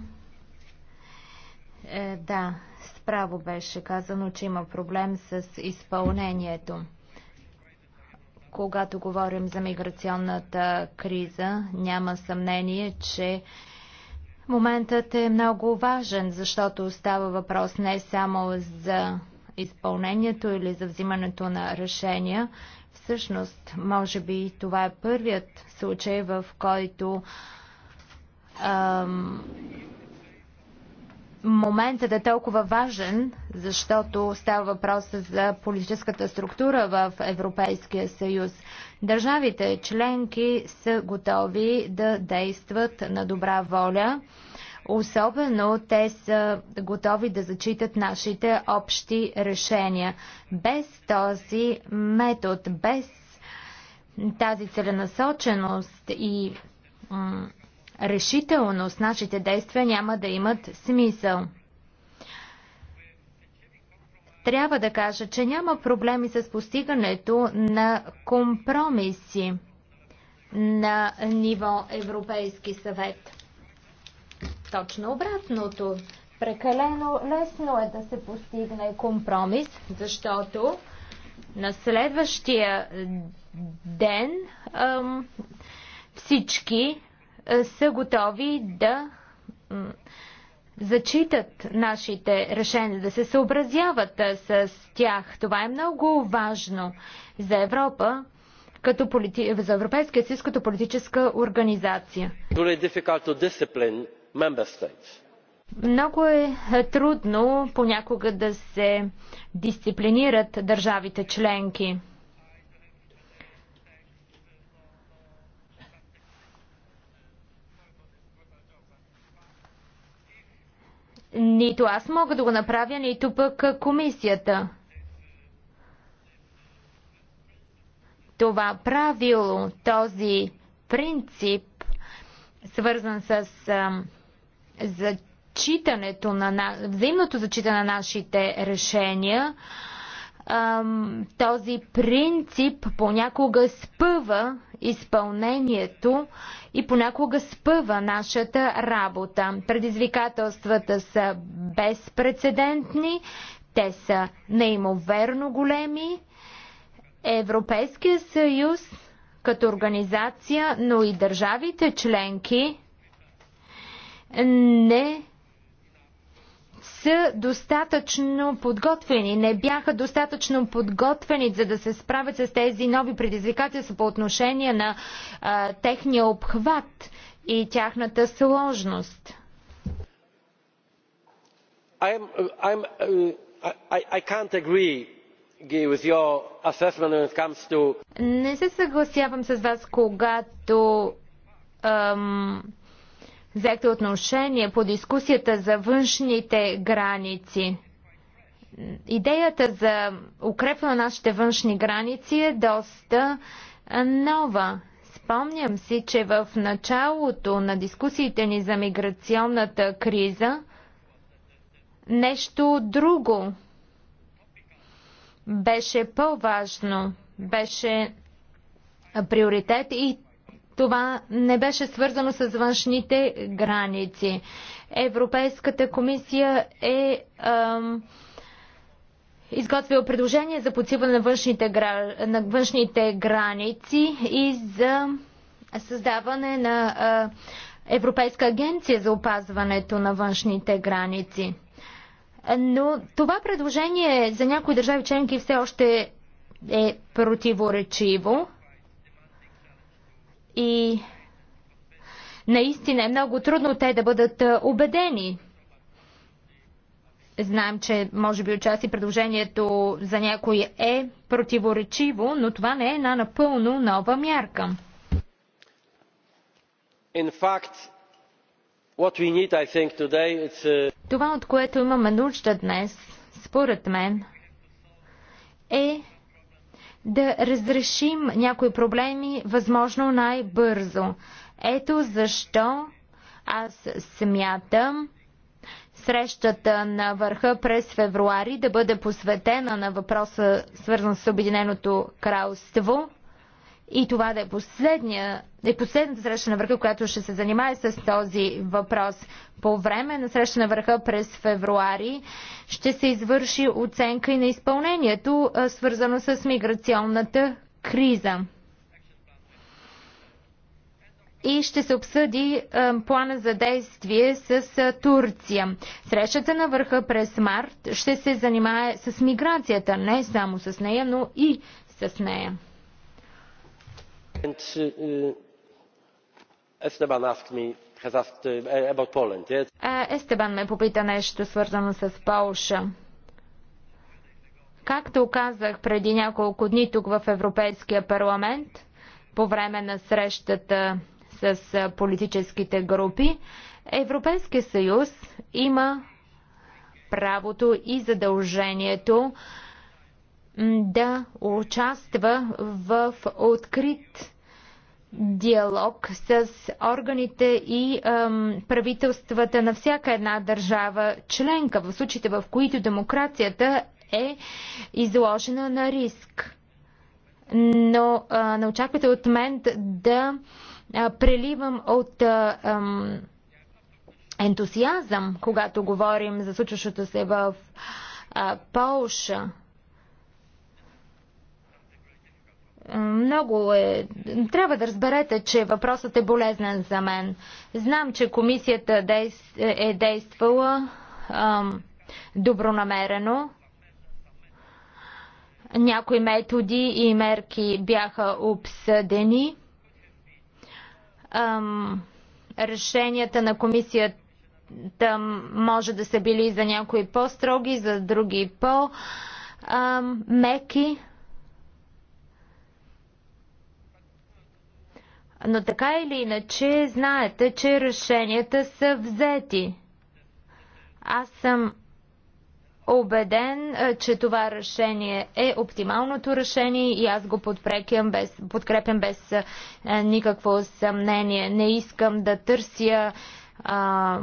е, да, справо беше казано, че има проблем с изпълнението. Когато говорим за миграционната криза, няма съмнение, че моментът е много важен, защото става въпрос не само за изпълнението или за взимането на решения. Всъщност, може би това е първият случай, в който ам, моментът е толкова важен, защото става въпрос за политическата структура в Европейския съюз. Държавите членки са готови да действат на добра воля. Особено те са готови да зачитат нашите общи решения. Без този метод, без тази целенасоченост и решителност нашите действия няма да имат смисъл. Трябва да кажа, че няма проблеми с постигането на компромиси на ниво Европейски съвет. Точно обратното. Прекалено лесно е да се постигне компромис, защото на следващия ден ам, всички е, са готови да ам, зачитат нашите решения, да се съобразяват е, с тях. Това е много важно за Европа, като полити... за Европейския съюз като политическа организация. е дефикалто много е трудно понякога да се дисциплинират държавите членки. Нито аз мога да го направя, нито пък комисията. Това правило, този принцип, свързан с зачитането на, взаимното зачитане на нашите решения, този принцип понякога спъва изпълнението и понякога спъва нашата работа. Предизвикателствата са безпредседентни, те са неимоверно големи. Европейския съюз като организация, но и държавите членки не са достатъчно подготвени, не бяха достатъчно подготвени, за да се справят с тези нови предизвикателства по отношение на а, техния обхват и тяхната сложност. I'm, I'm, uh, I, I can't agree to... Не се съгласявам с вас, когато ам, взехте отношение по дискусията за външните граници. Идеята за укрепване на нашите външни граници е доста нова. Спомням си, че в началото на дискусиите ни за миграционната криза нещо друго беше по-важно, беше приоритет и това не беше свързано с външните граници. Европейската комисия е ам, изготвила предложение за подсилване на външните, на външните граници и за създаване на а, Европейска агенция за опазването на външните граници. Но това предложение за някои държави членки все още е противоречиво и наистина е много трудно те да бъдат убедени. Знаем, че може би отчасти предложението за някой е противоречиво, но това не е една напълно нова мярка. Fact, need, think, today, a... Това, от което имаме нужда днес, според мен, е да разрешим някои проблеми възможно най-бързо. Ето защо аз смятам срещата на върха през февруари да бъде посветена на въпроса свързан с Обединеното кралство и това да е, последния, да е последната среща на върха, която ще се занимае с този въпрос. По време на среща на върха през февруари ще се извърши оценка и на изпълнението, свързано с миграционната криза. И ще се обсъди плана за действие с Турция. Срещата на върха през март ще се занимае с миграцията, не само с нея, но и с нея. Естебан ме попита нещо свързано с Полша. Както казах преди няколко дни тук в Европейския парламент, по време на срещата с политическите групи, Европейския съюз има правото и задължението да участва в открит диалог с органите и ем, правителствата на всяка една държава членка, в случаите в които демокрацията е изложена на риск. Но а, е, не очаквайте от мен да а, е, преливам от а, е, ентусиазъм, когато говорим за случващото се в а, Полша. Много е. Трябва да разберете, че въпросът е болезнен за мен. Знам, че комисията е действала добронамерено. Някои методи и мерки бяха обсъдени. Решенията на комисията може да са били за някои по-строги, за други по-меки. Но така или иначе, знаете, че решенията са взети. Аз съм убеден, е, че това решение е оптималното решение и аз го подкрепям без, подкрепям без е, никакво съмнение. Не искам да търся а,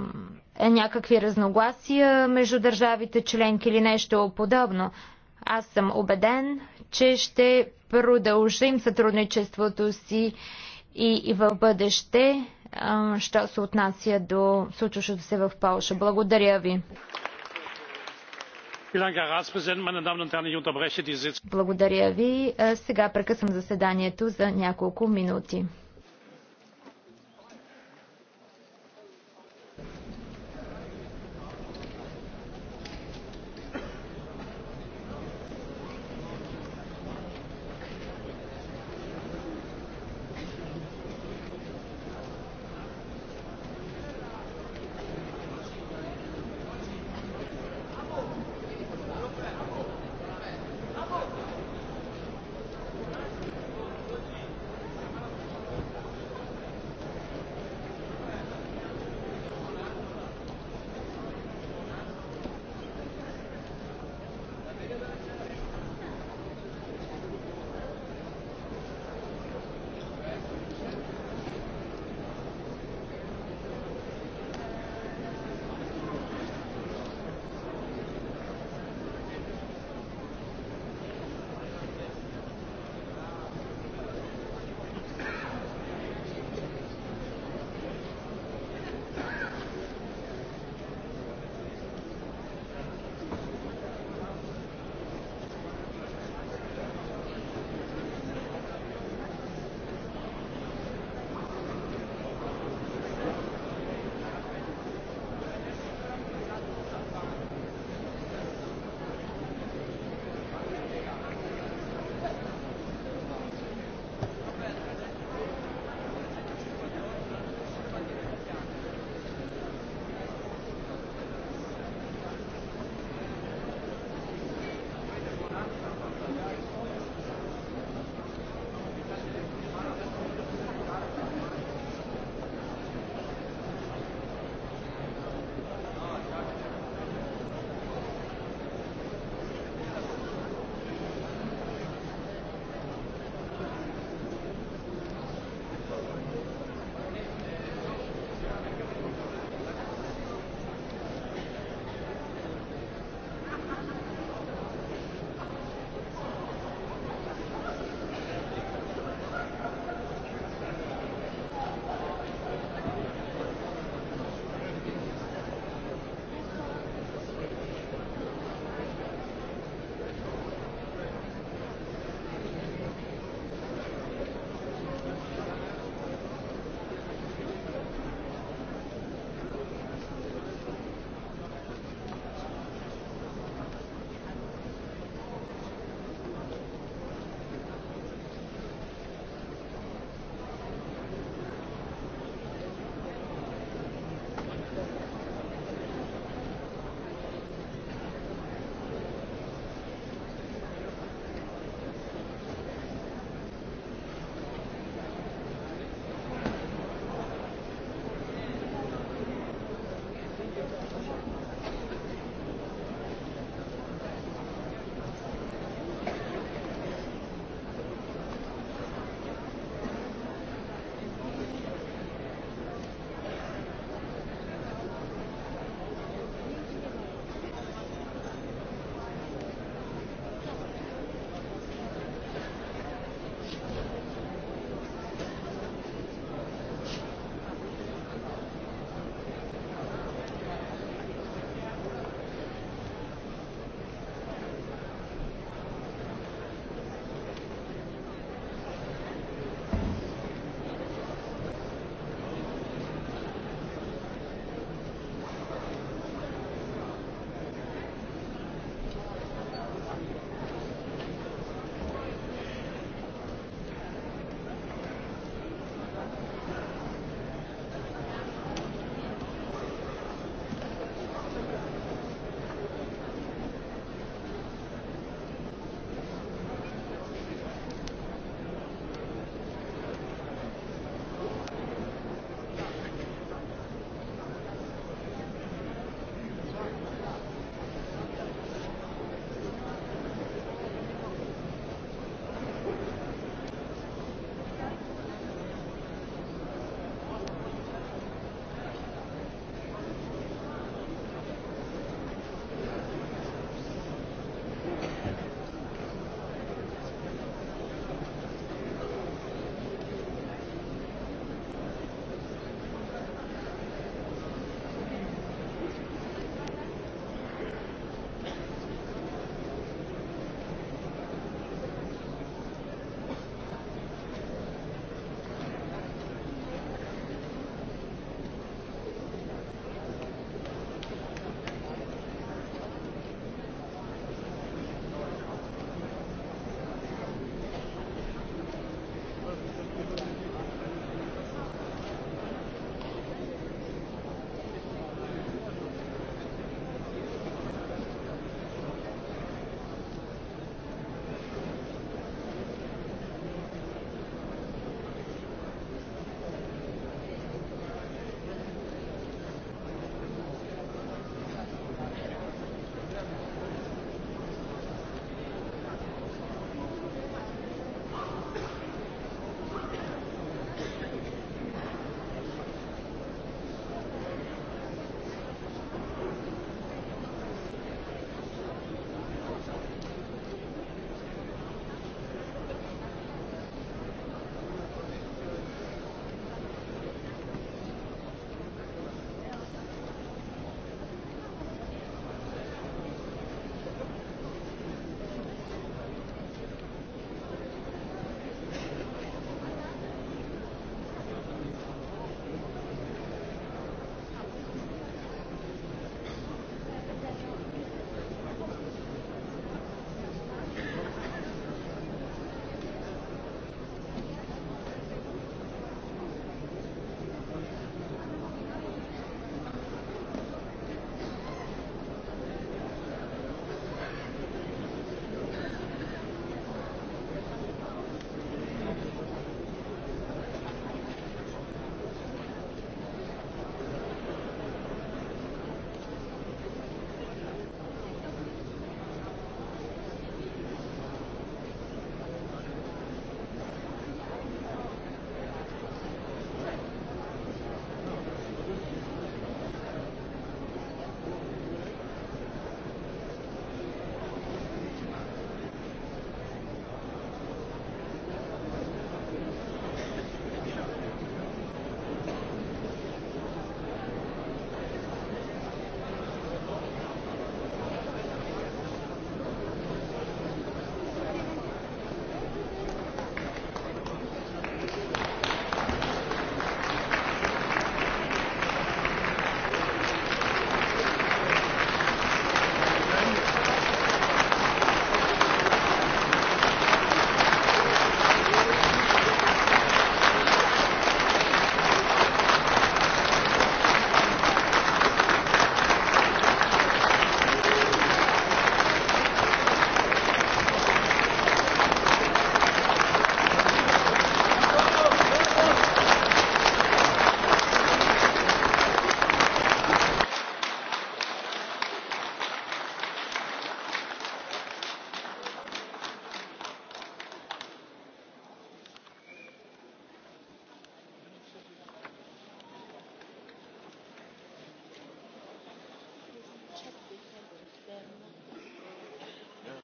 е, някакви разногласия между държавите членки или нещо подобно. Аз съм убеден, че ще продължим сътрудничеството си и, и в бъдеще, що се отнася до случващото се в Польша. Благодаря ви. Благодаря ви. Сега прекъсвам заседанието за няколко минути.